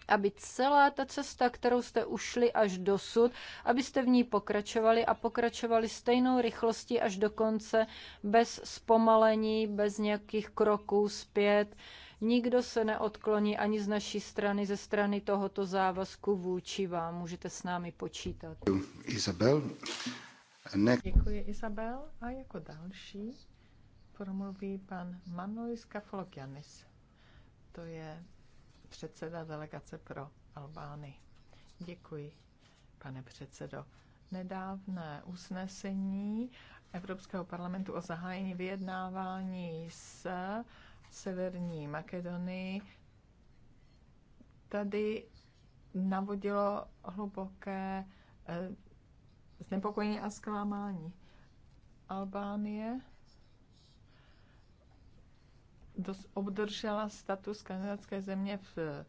Speaker 2: aby celá ta cesta, kterou jste ušli až dosud, abyste v ní pokračovali a pokračovali stejnou rychlostí až do konce, bez zpomalení, bez nějakých kroků zpět Nikdo se neodkloní ani z naší strany, ze strany tohoto závazku vůči vám. Můžete
Speaker 3: s námi počítat.
Speaker 1: Isabel. Ne- Děkuji,
Speaker 3: Isabel. A jako další promluví pan Manolis Kafologianis. To je předseda delegace pro Albány. Děkuji, pane předsedo. Nedávné usnesení Evropského parlamentu o zahájení vyjednávání s Severní Makedonii, tady navodilo hluboké eh, znepokojení a zklamání. Albánie dos- obdržela status kandidátské země v eh,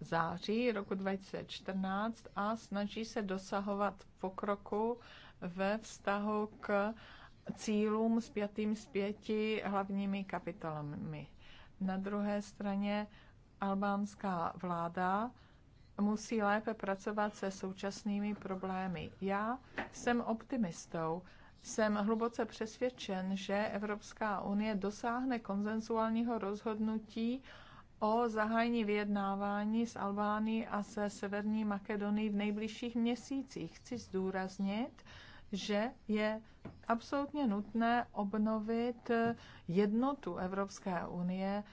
Speaker 3: září roku 2014 a snaží se dosahovat pokroku ve vztahu k cílům zpětým s pěti hlavními kapitolami. Na druhé straně albánská vláda musí lépe pracovat se současnými problémy. Já jsem optimistou, jsem hluboce přesvědčen, že Evropská unie dosáhne konsenzuálního rozhodnutí o zahájení vyjednávání s Albánií a se Severní Makedonií v nejbližších měsících. Chci zdůraznit, že je absolutně nutné obnovit jednotu Evropské unie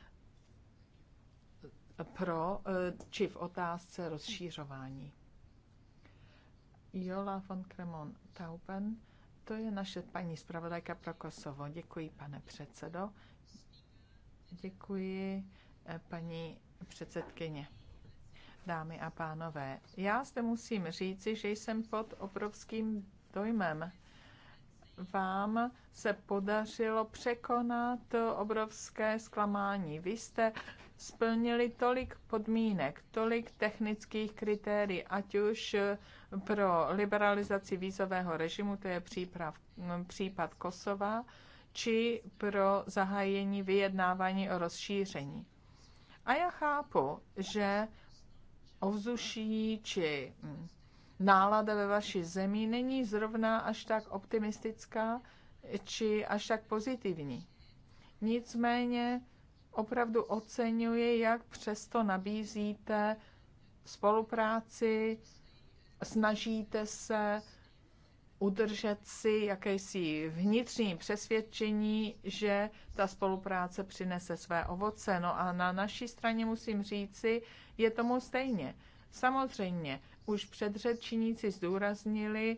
Speaker 3: pro či v otázce rozšířování. Jola von Kremon Tauben, to je naše paní zpravodajka pro Kosovo. Děkuji, pane předsedo. Děkuji, eh, paní předsedkyně. Dámy a pánové, já zde musím říci, že jsem pod obrovským dojmem. Vám se podařilo překonat obrovské zklamání. Vy jste splnili tolik podmínek, tolik technických kritérií, ať už pro liberalizaci vízového režimu, to je příprav, případ Kosova, či pro zahájení vyjednávání o rozšíření. A já chápu, že ovzuší či nálada ve vaší zemi není zrovna až tak optimistická či až tak pozitivní. Nicméně opravdu oceňuji, jak přesto nabízíte spolupráci, snažíte se udržet si jakési vnitřní přesvědčení, že ta spolupráce přinese své ovoce. No a na naší straně musím říci, je tomu stejně. Samozřejmě, už předřečníci zdůraznili,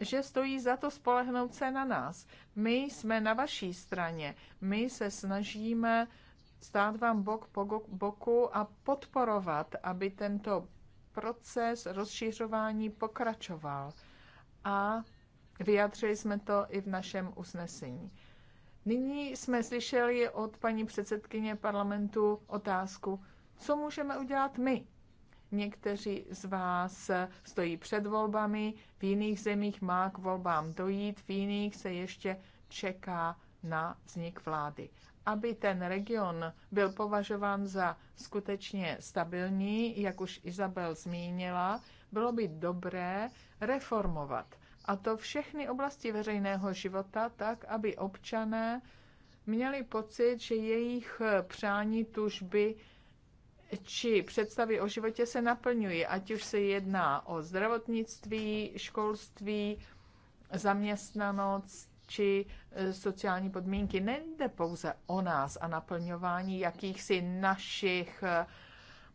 Speaker 3: že stojí za to spolehnout se na nás. My jsme na vaší straně. My se snažíme stát vám bok po boku a podporovat, aby tento proces rozšiřování pokračoval. A vyjadřili jsme to i v našem usnesení. Nyní jsme slyšeli od paní předsedkyně parlamentu otázku, co můžeme udělat my Někteří z vás stojí před volbami, v jiných zemích má k volbám dojít, v jiných se ještě čeká na vznik vlády. Aby ten region byl považován za skutečně stabilní, jak už Izabel zmínila, bylo by dobré reformovat. A to všechny oblasti veřejného života tak, aby občané měli pocit, že jejich přání, tužby či představy o životě se naplňují, ať už se jedná o zdravotnictví, školství, zaměstnanost či e, sociální podmínky. Nejde pouze o nás a naplňování jakýchsi našich e,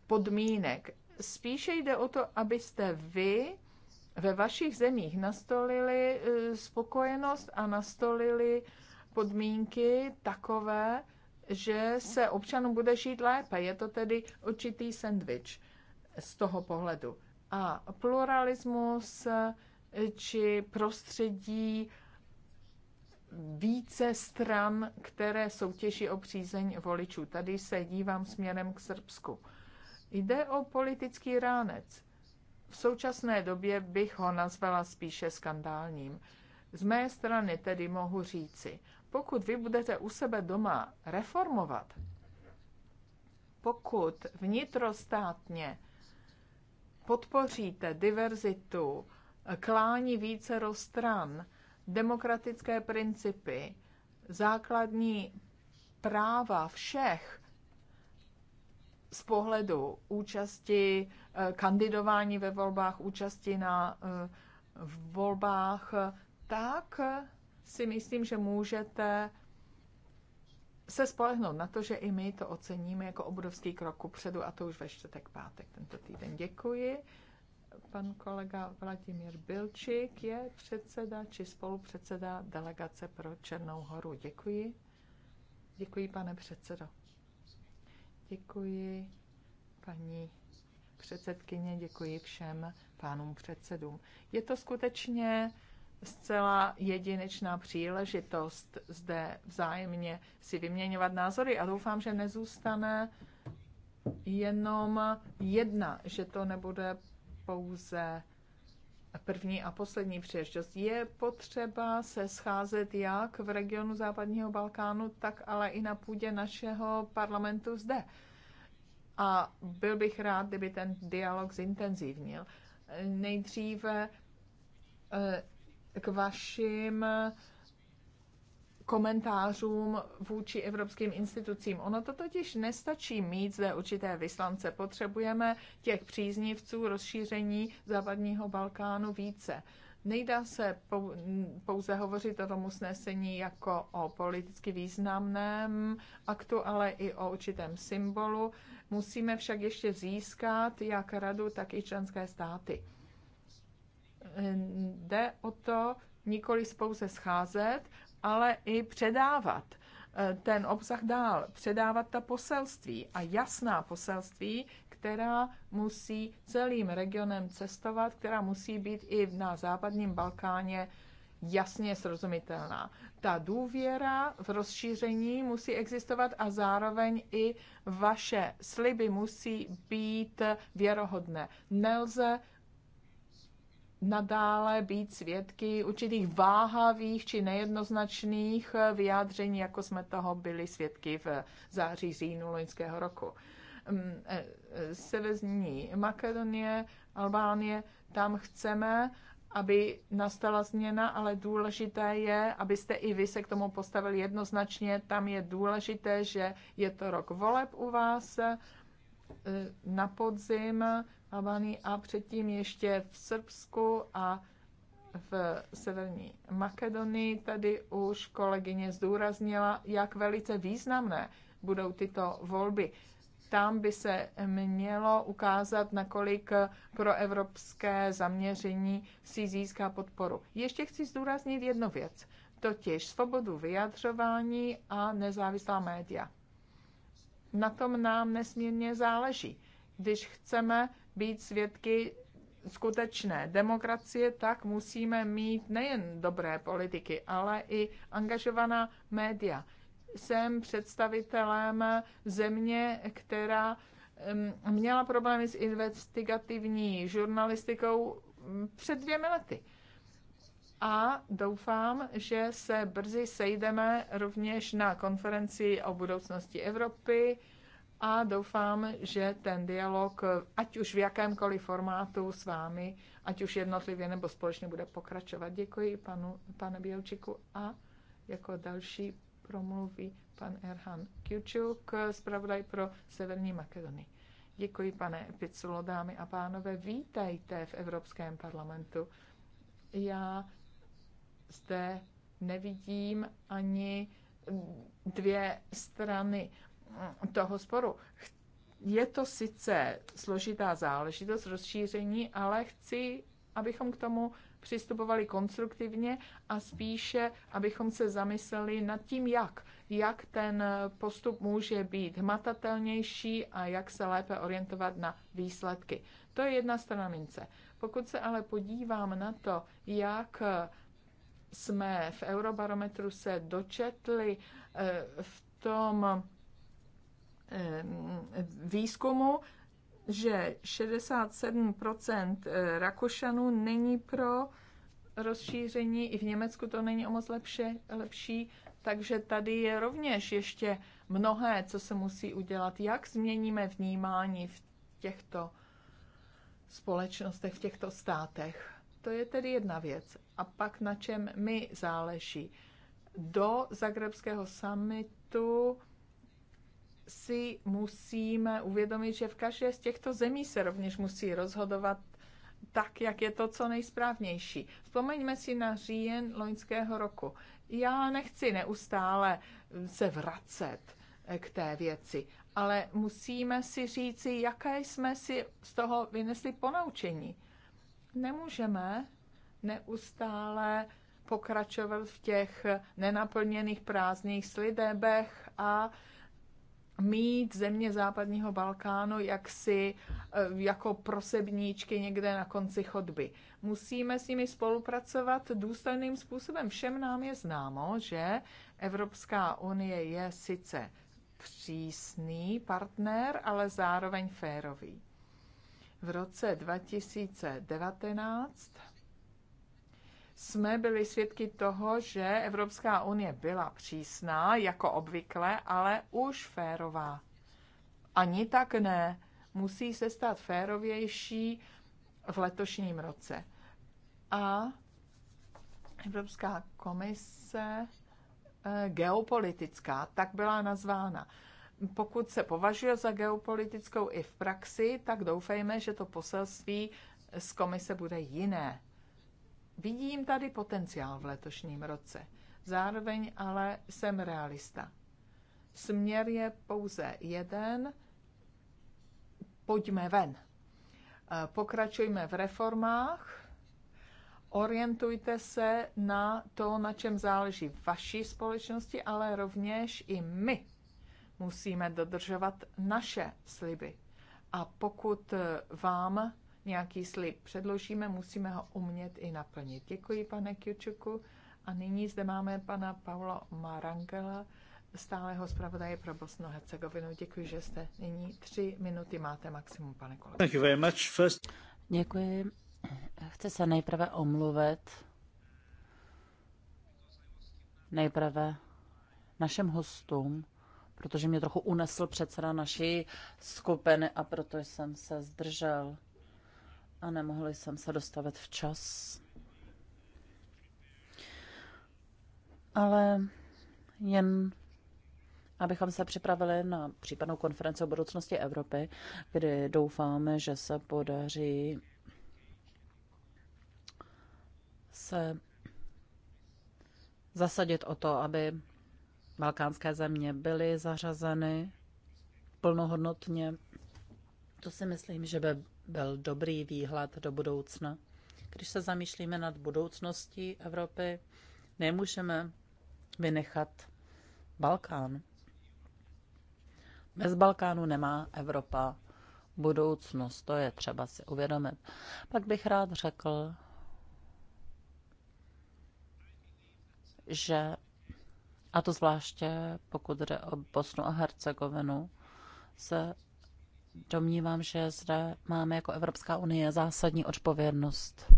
Speaker 3: podmínek. Spíše jde o to, abyste vy ve vašich zemích nastolili e, spokojenost a nastolili podmínky takové, že se občanům bude žít lépe. Je to tedy určitý sendvič z toho pohledu. A pluralismus či prostředí více stran, které soutěží o přízeň voličů. Tady se dívám směrem k Srbsku. Jde o politický ránec. V současné době bych ho nazvala spíše skandálním. Z mé strany tedy mohu říci, pokud vy budete u sebe doma reformovat, pokud vnitrostátně podpoříte diverzitu, klání více stran, demokratické principy, základní práva všech z pohledu účasti, eh, kandidování ve volbách, účasti na eh, volbách, tak si myslím, že můžete se spolehnout na to, že i my to oceníme jako obrovský krok kupředu a to už ve čtvrtek, pátek tento týden. Děkuji. Pan kolega Vladimír Bilčík je předseda či spolupředseda delegace pro Černou horu. Děkuji. Děkuji, pane předsedo. Děkuji, paní předsedkyně, děkuji všem pánům předsedům. Je to skutečně zcela jedinečná příležitost zde vzájemně si vyměňovat názory a doufám, že nezůstane jenom jedna, že to nebude pouze první a poslední příležitost. Je potřeba se scházet jak v regionu západního Balkánu, tak ale i na půdě našeho parlamentu zde. A byl bych rád, kdyby ten dialog zintenzivnil. Nejdříve eh, k vašim komentářům vůči evropským institucím. Ono to totiž nestačí mít zde určité vyslance. Potřebujeme těch příznivců rozšíření západního Balkánu více. Nejdá se pouze hovořit o tom usnesení jako o politicky významném aktu, ale i o určitém symbolu. Musíme však ještě získat jak radu, tak i členské státy jde o to nikoli spouze scházet, ale i předávat eh, ten obsah dál, předávat ta poselství a jasná poselství, která musí celým regionem cestovat, která musí být i na západním Balkáně jasně srozumitelná. Ta důvěra v rozšíření musí existovat a zároveň i vaše sliby musí být věrohodné. Nelze nadále být svědky určitých váhavých či nejednoznačných eh, vyjádření, jako jsme toho byli svědky v eh, září říjnu loňského roku. Mm, eh, Severní Makedonie, Albánie, tam chceme, aby nastala změna, ale důležité je, abyste i vy se k tomu postavili jednoznačně. Tam je důležité, že je to rok voleb u vás na podzim Albánii a předtím ještě v Srbsku a v Severní Makedonii. Tady už kolegyně zdůraznila, jak velice významné budou tyto volby. Tam by se mělo ukázat, nakolik pro evropské zaměření si získá podporu. Ještě chci zdůraznit jednu věc, totiž svobodu vyjadřování a nezávislá média. Na tom nám nesmírně záleží když chceme být svědky skutečné demokracie, tak musíme mít nejen dobré politiky, ale i angažovaná média. Jsem představitelem země, která měla problémy s investigativní žurnalistikou mm, před dvěmi lety. A doufám, že se brzy sejdeme rovněž na konferenci o budoucnosti Evropy, a doufám, že ten dialog, ať už v jakémkoliv formátu s vámi, ať už jednotlivě nebo společně bude pokračovat. Děkuji panu, pane Bělčiku a jako další promluví pan Erhan Kjučuk, zpravodaj pro Severní Makedonii. Děkuji, pane Piculo, dámy a pánové. Vítejte v Evropském parlamentu. Já zde nevidím ani dvě strany toho sporu. Je to sice složitá záležitost rozšíření, ale chci, abychom k tomu přistupovali konstruktivně a spíše, abychom se zamysleli nad tím, jak. Jak ten postup může být hmatatelnější a jak se lépe orientovat na výsledky. To je jedna strana mince. Pokud se ale podívám na to, jak jsme v Eurobarometru se dočetli eh, v tom Eh, výzkumu, že 67% eh, Rakošanů není pro rozšíření, i v Německu to není o moc lepše, lepší, takže tady je rovněž ještě mnohé, co se musí udělat. Jak změníme vnímání v těchto společnostech, v těchto státech? To je tedy jedna věc. A pak na čem mi záleží. Do zagrebského summitu si musíme uvědomit, že v každé z těchto zemí se rovněž musí rozhodovat tak, jak je to co nejsprávnější. Vzpomeňme si na říjen loňského roku. Já nechci neustále se vracet k té věci, ale musíme si říci, jaké jsme si z toho vynesli ponaučení. Nemůžeme neustále pokračovat v těch nenaplněných prázdných slidebech a mít země západního Balkánu jaksi eh, jako prosebníčky někde na konci chodby. Musíme s nimi spolupracovat důstojným způsobem. Všem nám je známo, že Evropská unie je sice přísný partner, ale zároveň férový. V roce 2019 jsme byli svědky toho, že Evropská unie byla přísná, jako obvykle, ale už férová. Ani tak ne. Musí se stát férovější v letošním roce. A Evropská komise eh, geopolitická, tak byla nazvána. Pokud se považuje za geopolitickou i v praxi, tak doufejme, že to poselství z komise bude jiné Vidím tady potenciál v letošním roce. Zároveň ale jsem realista. Směr je pouze jeden. Pojďme ven. E, pokračujme v reformách. Orientujte se na to, na čem záleží vaší společnosti, ale rovněž i my musíme dodržovat naše sliby. A pokud vám nějaký slib předložíme, musíme ho umět i naplnit. Děkuji, pane Kjučuku. A nyní zde máme pana Pavla Marangela, stáleho zpravodaje pro Bosnu Hercegovinu. Děkuji, že jste nyní tři minuty máte maximum, pane kolego. Thank you very
Speaker 1: much. First... Děkuji. Chci se nejprve omluvit. Nejprve našem hostům, protože mě trochu unesl předseda naší skupiny a proto jsem se zdržel a nemohli jsem se dostavit včas. Ale jen abychom se připravili na případnou konferenci o budoucnosti Evropy, kdy doufáme, že se podaří se zasadit o to, aby balkánské země byly zařazeny plnohodnotně. To si myslím, že by byl dobrý výhled do budoucna. Když se zamýšlíme nad budoucností Evropy, nemůžeme vynechat Balkán. Bez Balkánu nemá Evropa budoucnost, to je třeba si uvědomit. Pak bych rád řekl, že, a to zvláště pokud jde o Bosnu a Hercegovinu, se domnívám, že zde máme jako Evropská unie zásadní odpovědnost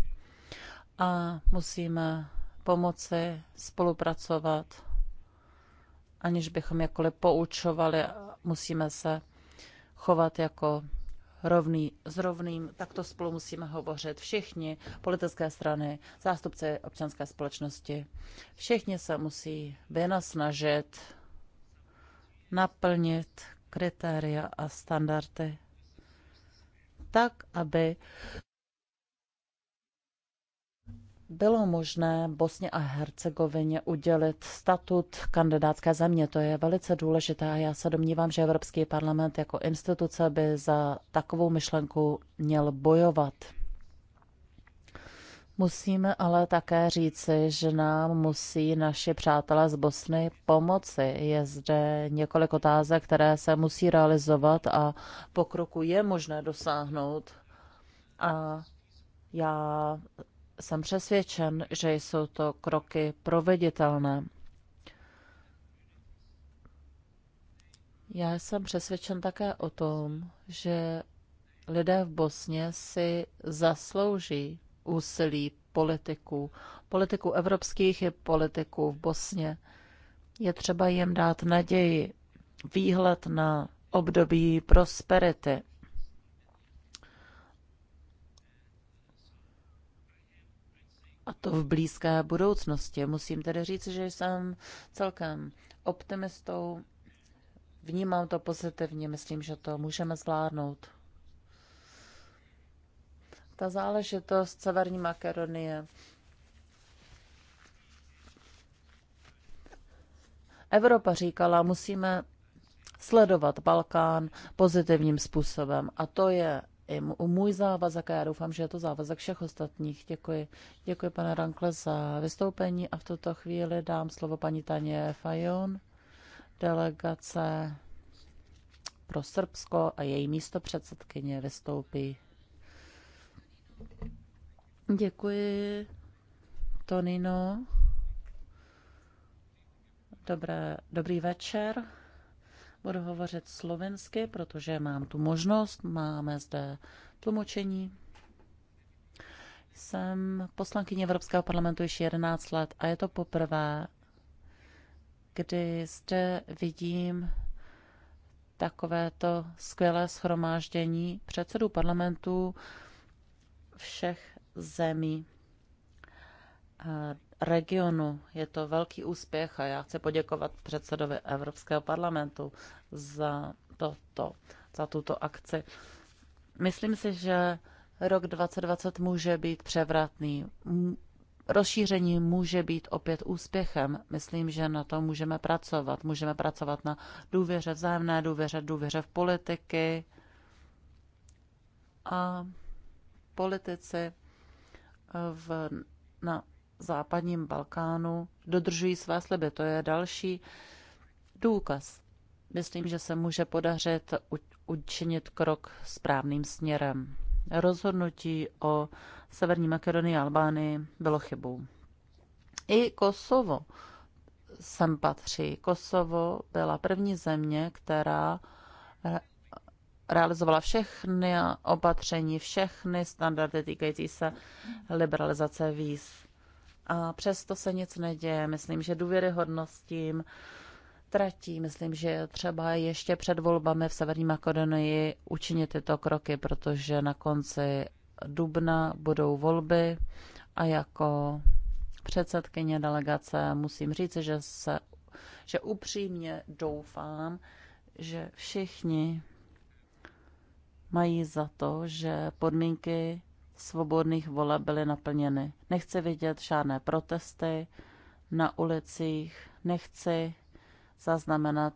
Speaker 1: a musíme pomoci spolupracovat, aniž bychom jakkoliv poučovali, musíme se chovat jako rovný s rovným, to spolu musíme hovořit všichni, politické strany, zástupci občanské společnosti. Všichni se musí vynasnažit naplnit kritéria a standardy tak, aby bylo možné Bosně a Hercegovině udělit statut kandidátské země. To je velice důležité a já se domnívám, že Evropský parlament jako instituce by za takovou myšlenku měl bojovat. Musíme ale také říci, že nám musí naši přátelé z Bosny pomoci. Je zde několik otázek, které se musí realizovat a pokroku je možné dosáhnout. A já jsem přesvědčen, že jsou to kroky proveditelné. Já jsem přesvědčen také o tom, že lidé v Bosně si zaslouží úsilí politiků. politiku evropských i politiků v Bosně. Je třeba jim dát naději, výhled na období prosperity. A to v blízké budoucnosti. Musím tedy říct, že jsem celkem optimistou. Vnímám to pozitivně, myslím, že to můžeme zvládnout ta záležitost Severní Makedonie. Evropa říkala, musíme sledovat Balkán pozitivním způsobem. A to je i můj závazek a já doufám, že je to závazek všech ostatních. Děkuji. Děkuji, pane Rankle, za vystoupení a v tuto chvíli dám slovo paní Taně Fajon, delegace pro Srbsko a její místo předsedkyně vystoupí Děkuji, Tonino. Dobré, dobrý večer. Budu hovořit slovensky, protože mám tu možnost, máme zde tlumočení. Jsem poslankyně Evropského parlamentu již 11 let a je to poprvé, kdy zde vidím takovéto skvělé schromáždění předsedů parlamentů všech zemí eh, regionu. Je to velký úspěch a já chci poděkovat předsedovi Evropského parlamentu za, toto, za tuto akci. Myslím si, že rok 2020 může být převratný. Rozšíření může být opět úspěchem. Myslím, že na to můžeme pracovat. Můžeme pracovat na důvěře, vzájemné důvěře, důvěře v politiky. A politici eh, v, na západním Balkánu dodržují své sliby. To je další důkaz. Myslím, že se může podařit učinit krok správným směrem. Rozhodnutí o Severní Makedonii a Albánii bylo chybou. I Kosovo sem patří. Kosovo byla první země, která realizovala všechny opatření, všechny standardy týkající se liberalizace víz. A přesto se nic neděje. Myslím, že důvěryhodnost tím tratí. Myslím, že třeba ještě před volbami v Severní Makedonii učinit tyto kroky, protože na konci dubna budou volby a jako předsedkyně delegace musím říct, že, se, že upřímně doufám, že všichni mají za to, že podmínky svobodných voleb byly naplněny. Nechci vidět žádné protesty na ulicích, nechci zaznamenat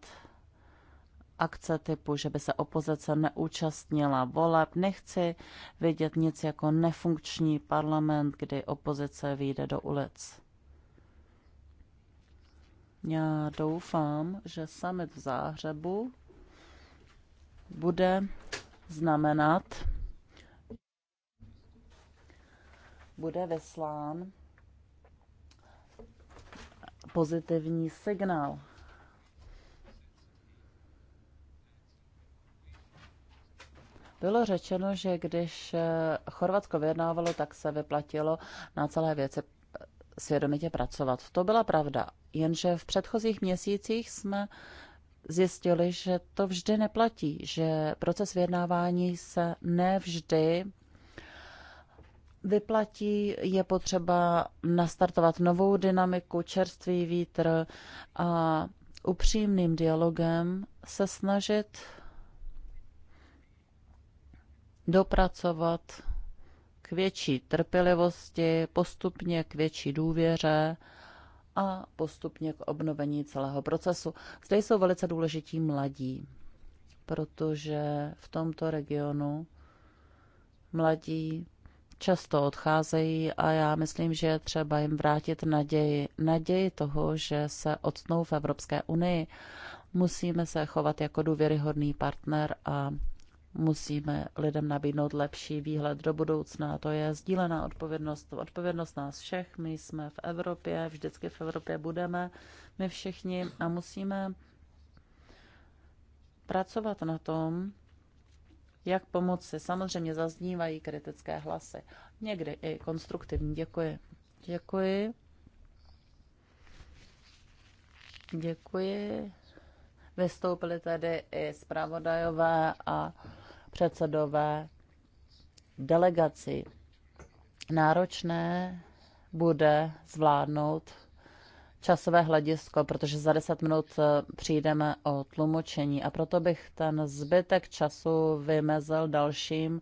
Speaker 1: akce typu, že by se opozice neúčastnila voleb. Nechci vidět nic jako nefunkční parlament, kdy opozice vyjde do ulic. Já doufám, že summit v Záhřebu bude znamenat, bude vyslán pozitivní signál. Bylo řečeno, že když eh, Chorvatsko vyjednávalo, tak se vyplatilo na celé věci svědomitě pracovat. To byla pravda, jenže v předchozích měsících jsme zjistili, že to vždy neplatí, že proces vyjednávání se nevždy vyplatí, je potřeba nastartovat novou dynamiku, čerstvý vítr a upřímným dialogem se snažit dopracovat k větší trpělivosti, postupně k větší důvěře a postupně k obnovení celého procesu. Zde jsou velice důležití mladí, protože v tomto regionu mladí často odcházejí a já myslím, že je třeba jim vrátit naději. Naději toho, že se odstnou v Evropské unii. Musíme se chovat jako důvěryhodný partner a musíme lidem nabídnout lepší výhled do budoucna. To je sdílená odpovědnost, odpovědnost nás všech. My jsme v Evropě, vždycky v Evropě budeme, my všichni a musíme pracovat na tom, jak pomoci. Samozřejmě zaznívají kritické hlasy. Někdy i konstruktivní. Děkuji. Děkuji. Děkuji. Vystoupili tady i zpravodajové a předsedové delegaci. Náročné bude zvládnout časové hledisko, protože za 10 minut eh, přijdeme o tlumočení a proto bych ten zbytek času vymezil dalším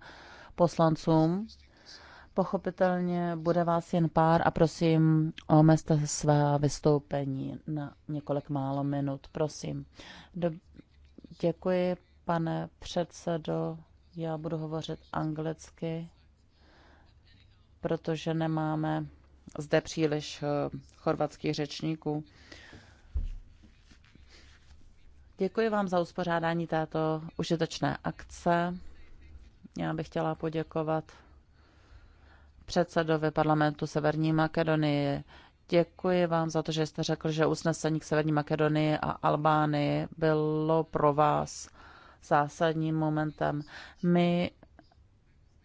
Speaker 1: poslancům. Pochopitelně bude vás jen pár a prosím, omezte svá vystoupení na několik málo minut, prosím. Do, děkuji, Pane předsedo, já budu hovořit anglicky, protože nemáme zde příliš eh, chorvatských řečníků. Děkuji vám za uspořádání této užitečné akce. Já bych chtěla poděkovat předsedovi parlamentu Severní Makedonie. Děkuji vám za to, že jste řekl, že usnesení k Severní Makedonii a Albánii bylo pro vás zásadním momentem. My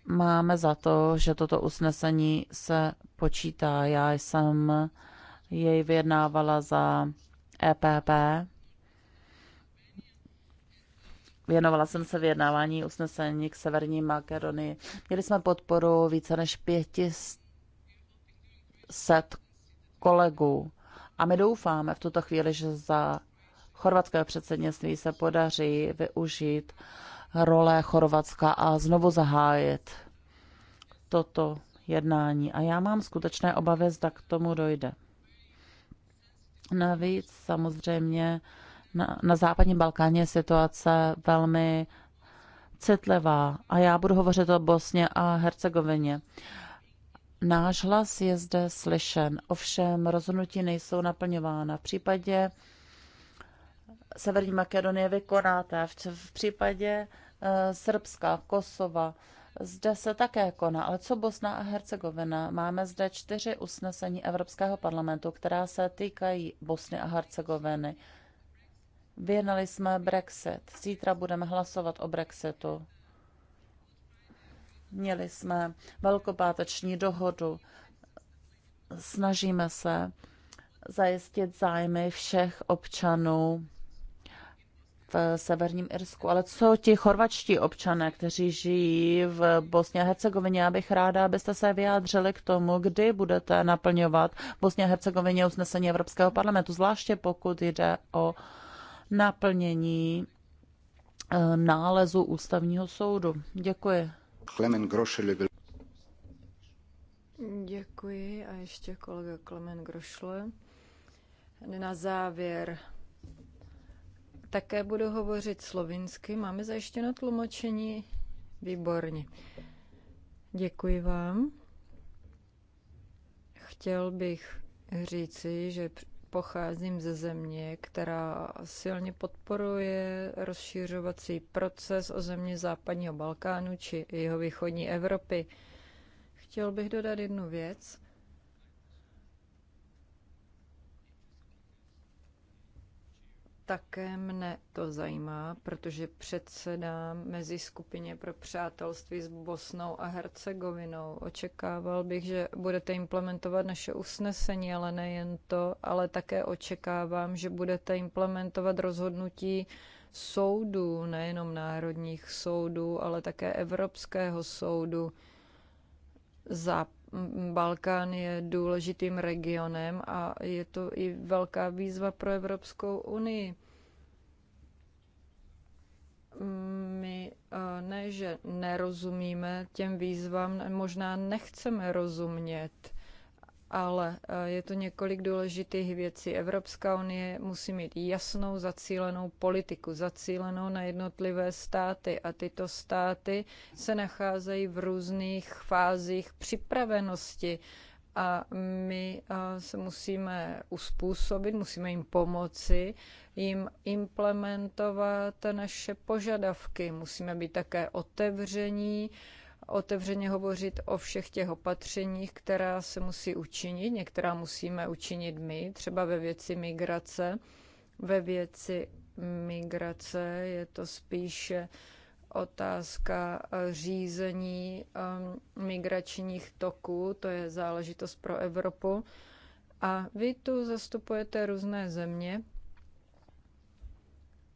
Speaker 1: máme za to, že toto usnesení se počítá. Já jsem jej vyjednávala za EPP. Věnovala jsem se vyjednávání usnesení k Severní Makedonii. Měli jsme podporu více než set kolegů. A my doufáme v tuto chvíli, že za chorvatské předsednictví se podaří využít role Chorvatska a znovu zahájit toto jednání. A já mám skutečné obavy, zda k tomu dojde. Navíc samozřejmě na, na západním Balkáně je situace velmi citlivá a já budu hovořit o Bosně a Hercegovině. Náš hlas je zde slyšen, ovšem rozhodnutí nejsou naplňována. V případě Severní Makedonie vykonáte, v, v případě uh, Srbska, Kosova, zde se také koná, ale co Bosna a Hercegovina? Máme zde čtyři usnesení Evropského parlamentu, která se týkají Bosny a Hercegoviny. Vyjednali jsme Brexit. Zítra budeme hlasovat o Brexitu. Měli jsme velkopáteční dohodu. Snažíme se zajistit zájmy všech občanů v severním Irsku, ale co ti chorvačtí občané, kteří žijí v Bosně a Hercegovině? Já bych ráda, abyste se vyjádřili k tomu, kdy budete naplňovat Bosně a Hercegovině usnesení Evropského parlamentu, zvláště pokud jde o naplnění eh, nálezu ústavního soudu. Děkuji. Klemen Grošele byl...
Speaker 2: Děkuji a ještě kolega Klemen Grošle. Na závěr také budu hovořit slovinsky. Máme zajištěno tlumočení? Výborně. Děkuji vám. Chtěl bych říci, že pocházím ze země, která silně podporuje rozšířovací proces o země západního Balkánu či jeho východní Evropy. Chtěl bych dodat jednu věc. Také mne to zajímá, protože předsedám mezi skupině pro přátelství s Bosnou a Hercegovinou. Očekával bych, že budete implementovat naše usnesení, ale nejen to, ale také očekávám, že budete implementovat rozhodnutí soudů, nejenom národních soudů, ale také Evropského soudu za Balkán je důležitým regionem a je to i velká výzva pro Evropskou unii. My ne, že nerozumíme těm výzvám, možná nechceme rozumět ale eh, je to několik důležitých věcí. Evropská unie musí mít jasnou zacílenou politiku, zacílenou na jednotlivé státy a tyto státy se nacházejí v různých fázích připravenosti a my eh, se musíme uspůsobit, musíme jim pomoci, jim implementovat naše požadavky, musíme být také otevření, otevřeně hovořit o všech těch opatřeních, která se musí učinit. Některá musíme učinit my, třeba ve věci migrace. Ve věci migrace je to spíše otázka řízení um, migračních toků, to je záležitost pro Evropu. A vy tu zastupujete různé země,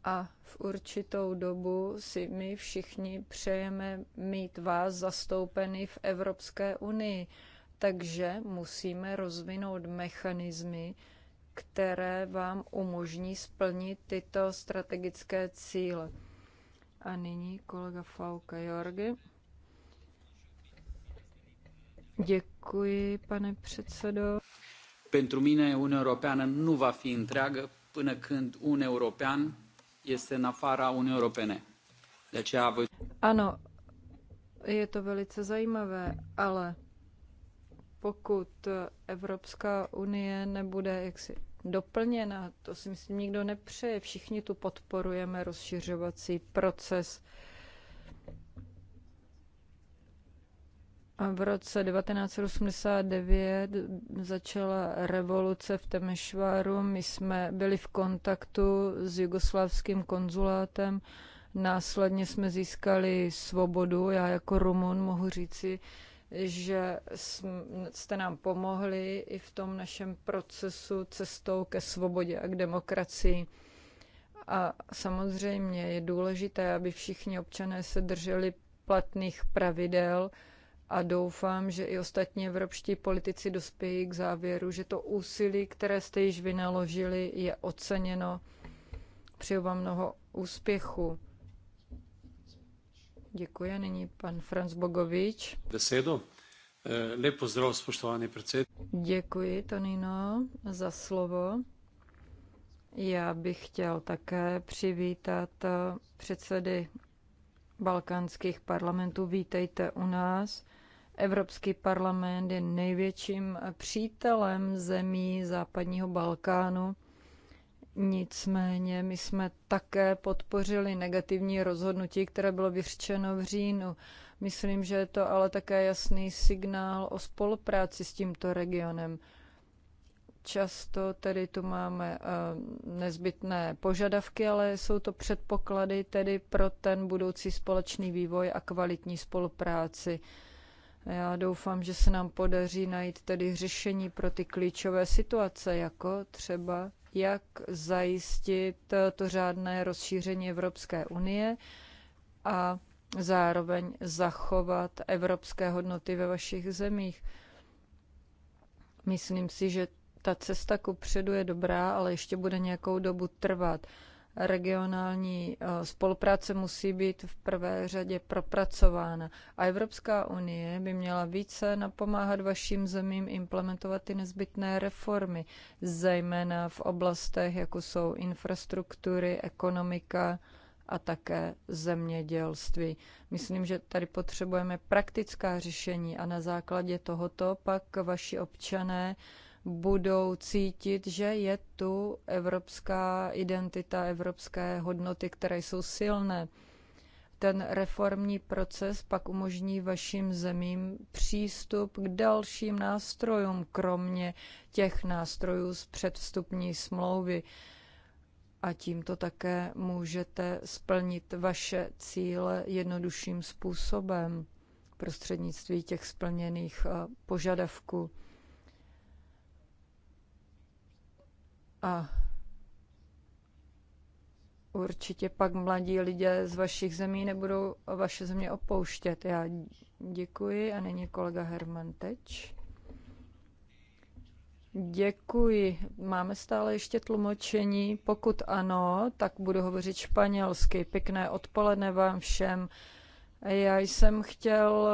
Speaker 2: a v určitou dobu si my všichni přejeme mít vás zastoupený v Evropské unii. Takže musíme rozvinout mechanismy, které vám umožní splnit tyto strategické cíle. A nyní kolega Fauka Jorgy. Děkuji, pane předsedo.
Speaker 3: Pentru mine Uniunea Europeană nu va fi întreagă până când un european este în afara Uniunii Europene. De aceea voi...
Speaker 2: Ano, je to velice zajímavé, ale pokud Evropská unie nebude jaksi doplněna, to si myslím nikdo nepřeje, všichni tu podporujeme rozšiřovací proces. Uh, v roce 1989 začala revoluce v Temešváru. My jsme byli v kontaktu s jugoslávským konzulátem. Následně jsme získali svobodu. Já jako Rumun mohu říci, že jste nám pomohli i v tom našem procesu cestou ke svobodě a k demokracii. A samozřejmě je důležité, aby všichni občané se drželi platných pravidel, a doufám, že i ostatní evropští politici dospějí k závěru, že to úsilí, které jste již vynaložili, je oceněno. Přeju vám mnoho úspěchu. Děkuji. Nyní pan Franz Bogovič.
Speaker 3: Besedo. Eh, lep pozdrav, spoštovaný předsed.
Speaker 2: Děkuji, Tonino, za slovo. Já bych chtěl také přivítat eh, předsedy balkánských parlamentů. Vítejte u nás. Evropský parlament je největším přítelem zemí západního Balkánu. Nicméně my jsme také podpořili negativní rozhodnutí, které bylo vyřčeno v říjnu. Myslím, že je to ale také jasný signál o spolupráci s tímto regionem. Často tedy tu máme eh, nezbytné požadavky, ale jsou to předpoklady tedy pro ten budoucí společný vývoj a kvalitní spolupráci. Já doufám, že se nám podaří najít tedy řešení pro ty klíčové situace, jako třeba jak zajistit to řádné rozšíření Evropské unie a zároveň zachovat evropské hodnoty ve vašich zemích. Myslím si, že ta cesta ku předu je dobrá, ale ještě bude nějakou dobu trvat regionální eh, spolupráce musí být v prvé řadě propracována. A Evropská unie by měla více napomáhat vašim zemím implementovat ty nezbytné reformy, zejména v oblastech, jako jsou infrastruktury, ekonomika a také zemědělství. Myslím, že tady potřebujeme praktická řešení a na základě tohoto pak vaši občané budou cítit, že je tu evropská identita, evropské hodnoty, které jsou silné. Ten reformní proces pak umožní vašim zemím přístup k dalším nástrojům, kromě těch nástrojů z předvstupní smlouvy. A tímto také můžete splnit vaše cíle jednodušším způsobem prostřednictví těch splněných eh, požadavků. A určitě pak mladí lidé z vašich zemí nebudou vaše země opouštět. Já děkuji a není kolega Herman teď. Děkuji. Máme stále ještě tlumočení? Pokud ano, tak budu hovořit španělsky. Pěkné odpoledne vám všem. Já jsem chtěl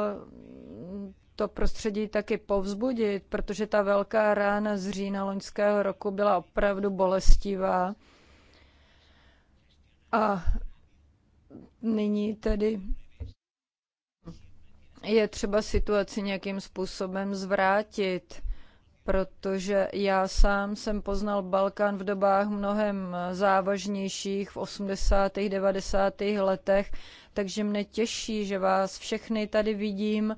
Speaker 2: to prostředí taky povzbudit, protože ta velká rána z října loňského roku byla opravdu bolestivá. A nyní tedy je třeba situaci nějakým způsobem zvrátit, protože já sám jsem poznal Balkán v dobách mnohem závažnějších v 80. 90. letech, takže mne těší, že vás všechny tady vidím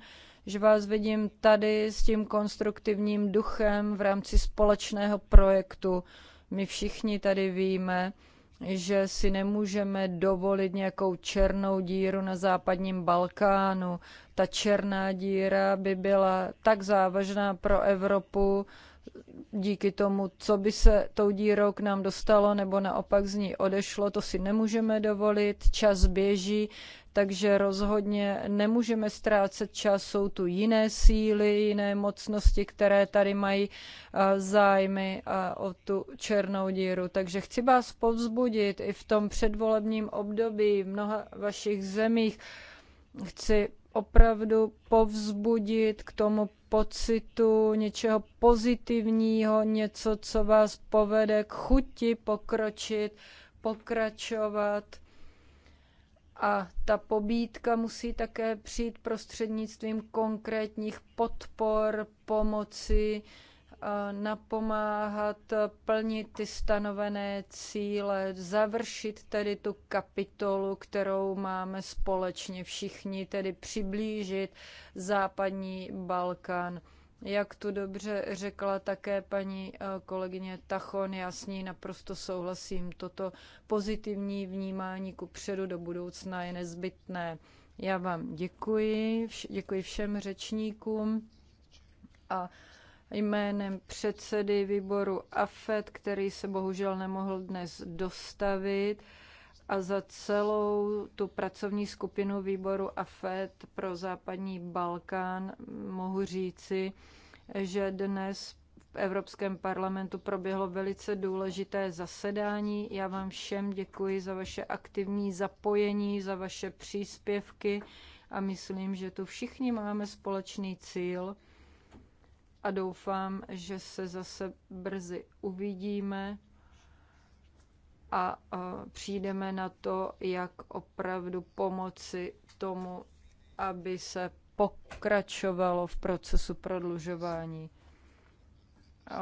Speaker 2: že vás vidím tady s tím konstruktivním duchem v rámci společného projektu. My všichni tady víme, že si nemůžeme dovolit nějakou černou díru na západním Balkánu. Ta černá díra by byla tak závažná pro Evropu, díky tomu, co by se tou dírou k nám dostalo, nebo naopak z ní odešlo, to si nemůžeme dovolit. Čas běží, takže rozhodně nemůžeme ztrácet čas. Jsou tu jiné síly, jiné mocnosti, které tady mají eh, zájmy eh, o tu černou díru. Takže chci vás povzbudit i v tom předvolebním období v mnoha vašich zemích. Chci opravdu povzbudit k tomu pocitu něčeho pozitivního, něco, co vás povede k chuti pokročit, pokračovat a ta pobídka musí také přijít prostřednictvím konkrétních podpor, pomoci, eh, napomáhat plnit ty stanovené cíle, završit tedy tu kapitolu, kterou máme společně všichni, tedy přiblížit západní Balkán jak tu dobře řekla také paní eh, kolegyně Tachon, já s ní naprosto souhlasím. Toto pozitivní vnímání ku předu do budoucna je nezbytné. Já vám děkuji, děkuji všem řečníkům a jménem předsedy výboru Afet, který se bohužel nemohl dnes dostavit, a za celou tu pracovní skupinu výboru AFET pro západní Balkán mohu říci, že dnes v Evropském parlamentu proběhlo velice důležité zasedání. Já vám všem děkuji za vaše aktivní zapojení, za vaše příspěvky a myslím, že tu všichni máme společný cíl a doufám, že se zase brzy uvidíme a přijdeme na to, jak opravdu pomoci tomu, aby se pokračovalo v procesu prodlužování.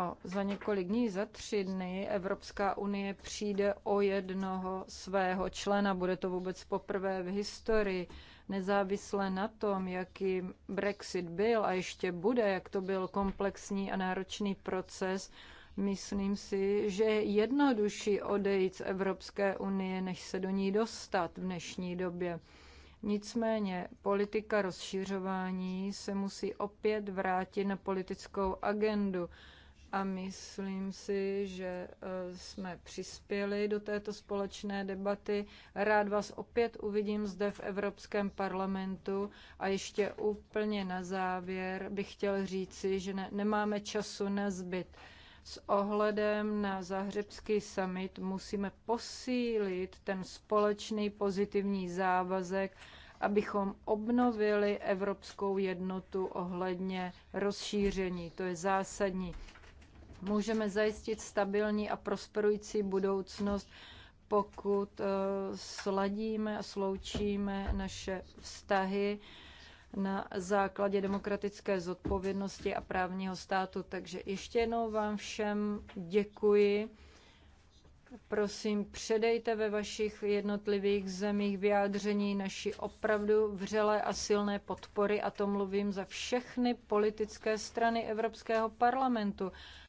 Speaker 2: O, za několik dní, za tři dny Evropská unie přijde o jednoho svého člena. Bude to vůbec poprvé v historii, nezávisle na tom, jaký Brexit byl a ještě bude, jak to byl komplexní a náročný proces. Myslím si, že je jednodušší odejít z Evropské unie, než se do ní dostat v dnešní době. Nicméně politika rozšiřování se musí opět vrátit na politickou agendu a myslím si, že eh, jsme přispěli do této společné debaty. Rád vás opět uvidím zde v Evropském parlamentu a ještě úplně na závěr bych chtěl říci, že ne, nemáme času na zbyt. S ohledem na zahřebský summit musíme posílit ten společný pozitivní závazek, abychom obnovili evropskou jednotu ohledně rozšíření. To je zásadní. Můžeme zajistit stabilní a prosperující budoucnost, pokud eh, sladíme a sloučíme naše vztahy na základě demokratické zodpovědnosti a právního státu. Takže ještě jednou vám všem děkuji. Prosím, předejte ve vašich jednotlivých zemích vyjádření naší opravdu vřelé a silné podpory, a to mluvím za všechny politické strany Evropského parlamentu.